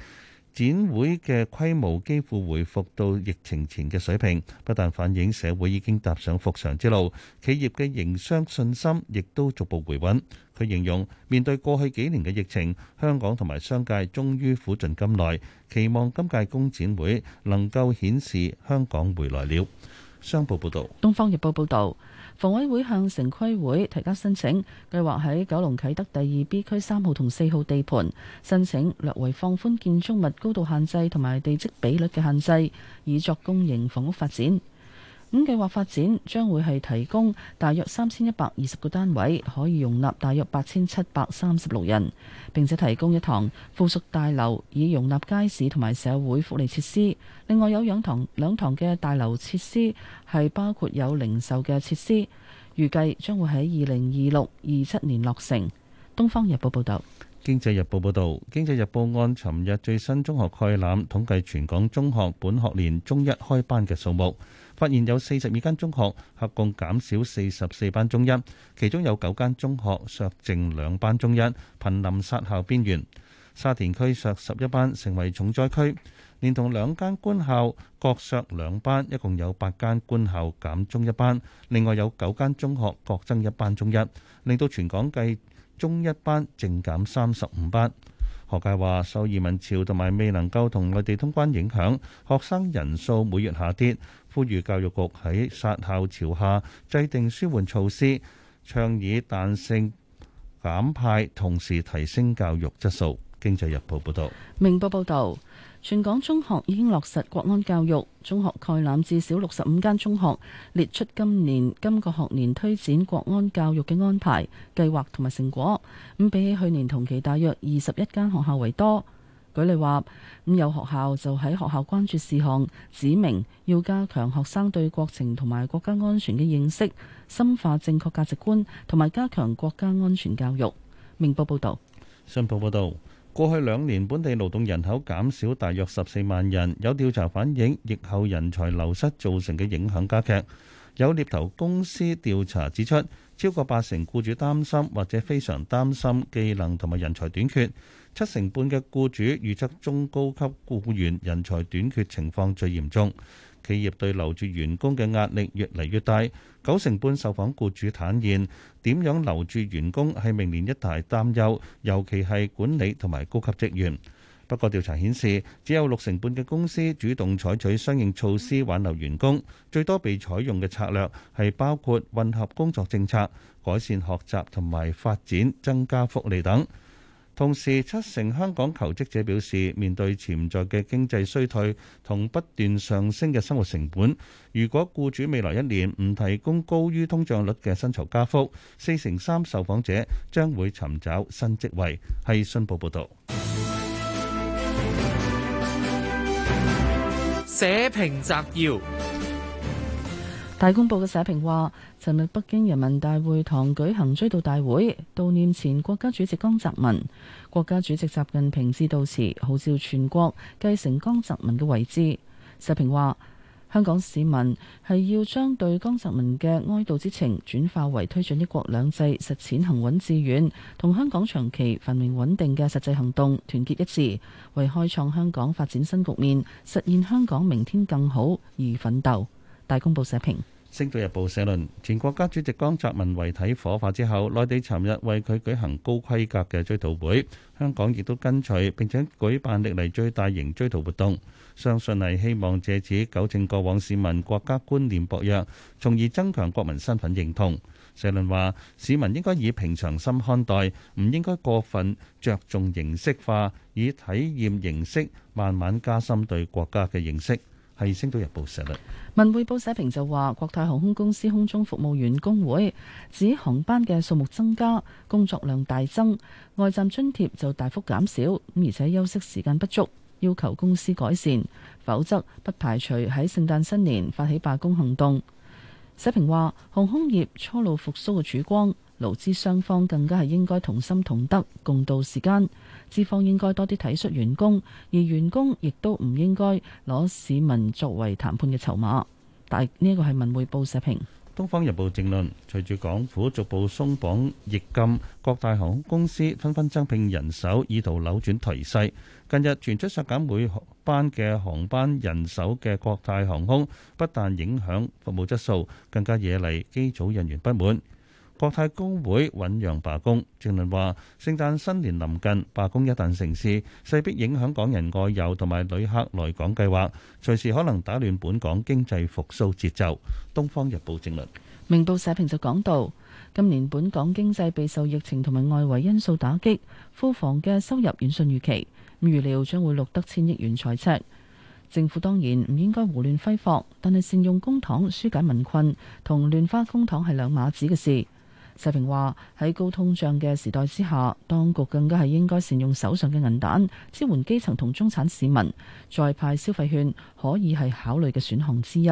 展會嘅規模幾乎回復到疫情前嘅水平，不但反映社會已經踏上復常之路，企業嘅營商信心亦都逐步回穩。佢形容，面對過去幾年嘅疫情，香港同埋商界終於苦盡甘來，期望今屆工展會能夠顯示香港回來了。商報報道，《東方日報》報道。房委會向城規會提交申請，計劃喺九龍啟德第二 B 區三號同四號地盤申請，略為放寬建築物高度限制同埋地積比率嘅限制，以作公營房屋發展。五計劃發展將會係提供大約三千一百二十個單位，可以容納大約八千七百三十六人。並且提供一堂附屬大樓，以容納街市同埋社會福利設施。另外有兩堂兩堂嘅大樓設施，係包括有零售嘅設施。預計將會喺二零二六二七年落成。《東方日報》報道：《經濟日報》報道，《經濟日報》按尋日最新中學概覽統計全港中學本學年中一開班嘅數目。發現有四十二間中學合共減少四十四班中一，其中有九間中學削剩兩班中一，瀕臨殺校邊緣。沙田區削十一班，成為重災區，連同兩間官校各削兩班，一共有八間官校減中一班。另外有九間中學各增一班中一，令到全港計中一班淨減三十五班。學界話受移民潮同埋未能夠同內地通關影響，學生人數每月下跌。呼籲教育局喺殺校潮下制定舒緩措施，倡議彈性減派，同時提升教育質素。經濟日報報道：「明報報道，全港中學已經落實國安教育，中學概覽至少六十五間中學，列出今年今個學年推展國安教育嘅安排、計劃同埋成果。咁比起去年同期，大約二十一間學校為多。舉例話，咁有學校就喺學校關注事項指明，要加強學生對國情同埋國家安全嘅認識，深化正確價值觀同埋加強國家安全教育。明報報導，信報報導，過去兩年本地勞動人口減少大約十四萬人，有調查反映疫後人才流失造成嘅影響加劇。有獵頭公司調查指出，超過八成僱主擔心或者非常擔心技能同埋人才短缺。七成半嘅僱主預測中高級僱員人才短缺情況最嚴重，企業對留住員工嘅壓力越嚟越大。九成半受訪僱主坦言，點樣留住員工係明年一大擔憂，尤其係管理同埋高級職員。不過調查顯示，只有六成半嘅公司主動採取相應措施挽留員工，最多被採用嘅策略係包括混合工作政策、改善學習同埋發展、增加福利等。同時，七成香港求職者表示，面對潛在嘅經濟衰退同不斷上升嘅生活成本，如果僱主未來一年唔提供高於通脹率嘅薪酬加幅，四成三受訪者將會尋找新職位。係信報報導。社評摘要。大公報嘅社評話：尋日北京人民大會堂舉行追悼大會，悼念前國家主席江澤民。國家主席習近平致悼詞，號召全國繼承江澤民嘅遺志。社評話：香港市民係要將對江澤民嘅哀悼之情轉化為推進一國兩制實踐行穩致遠同香港長期繁榮穩定嘅實際行動，團結一致，為開創香港發展新局面、實現香港明天更好而奮鬥。大公報社評。《星島日報》社論：前國家主席江澤民遺體火化之後，內地尋日為佢舉行高規格嘅追悼會，香港亦都跟隨並且舉辦歷嚟最大型追悼活動。相信係希望借此糾正過往市民國家觀念薄弱，從而增強國民身份認同。社論話：市民應該以平常心看待，唔應該過分着重形式化，以體驗形式慢慢加深對國家嘅認識。《星島日報》社論，文匯報社評就話：國泰航空公司空中服務員工會指航班嘅數目增加，工作量大增，外站津貼就大幅減少，而且休息時間不足，要求公司改善，否則不排除喺聖誕新年發起罷工行動。社評話：航空業初露復蘇嘅曙光，勞資雙方更加係應該同心同德，共度時間。資方應該多啲體恤員工，而員工亦都唔應該攞市民作為談判嘅籌碼。但呢個係文匯報社評，《東方日報正論》評論：隨住港府逐步鬆綁疫禁，各大航空公司紛紛增聘人手，意圖扭轉頹勢。近日傳出削減每班嘅航班人手嘅國泰航空，不但影響服務質素，更加惹嚟機組人員不滿。國泰工會醞釀罷工，正論話聖誕新年臨近，罷工一旦成事，勢必影響港人外遊同埋旅客來港計劃，隨時可能打亂本港經濟復甦節奏。《東方日報》正論，《明報》社評就講到，今年本港經濟備受疫情同埋外圍因素打擊，庫房嘅收入遠遜預期，咁預料將會錄得千億元財赤。政府當然唔應該胡亂揮霍，但係善用公帑疏解民困同亂花公帑係兩碼子嘅事。社評話，喺高通脹嘅時代之下，當局更加係應該善用手上嘅銀彈，支援基層同中產市民。再派消費券可以係考慮嘅選項之一。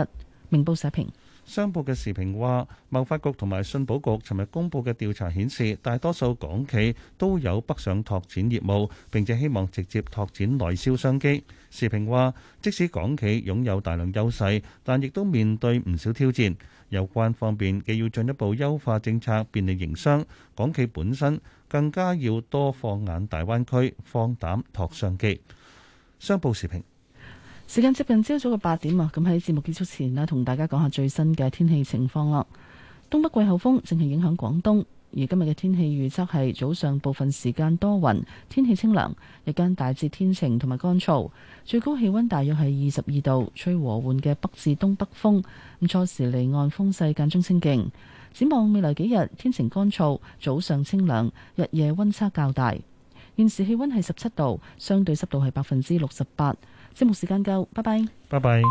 明報社評，商報嘅社評話，貿發局同埋信保局尋日公布嘅調查顯示，大多數港企都有北上拓展業務，並且希望直接拓展內銷商機。社評話，即使港企擁有大量優勢，但亦都面對唔少挑戰。有關方面既要進一步優化政策便利營商，港企本身更加要多放眼大灣區，放膽拓商機。商報時評。時間接近朝早嘅八點啊，咁喺節目結束前咧，同大家講下最新嘅天氣情況啦。東北季候風淨係影響廣東。而今日嘅天氣預測係早上部分時間多雲，天氣清涼；日間大致天晴同埋乾燥，最高氣溫大約係二十二度，吹和緩嘅北至東北風。咁初時離岸風勢間中清勁。展望未來幾日，天晴乾燥，早上清涼，日夜溫差較大。現時氣溫係十七度，相對濕度係百分之六十八。節目時間夠，拜拜。拜拜。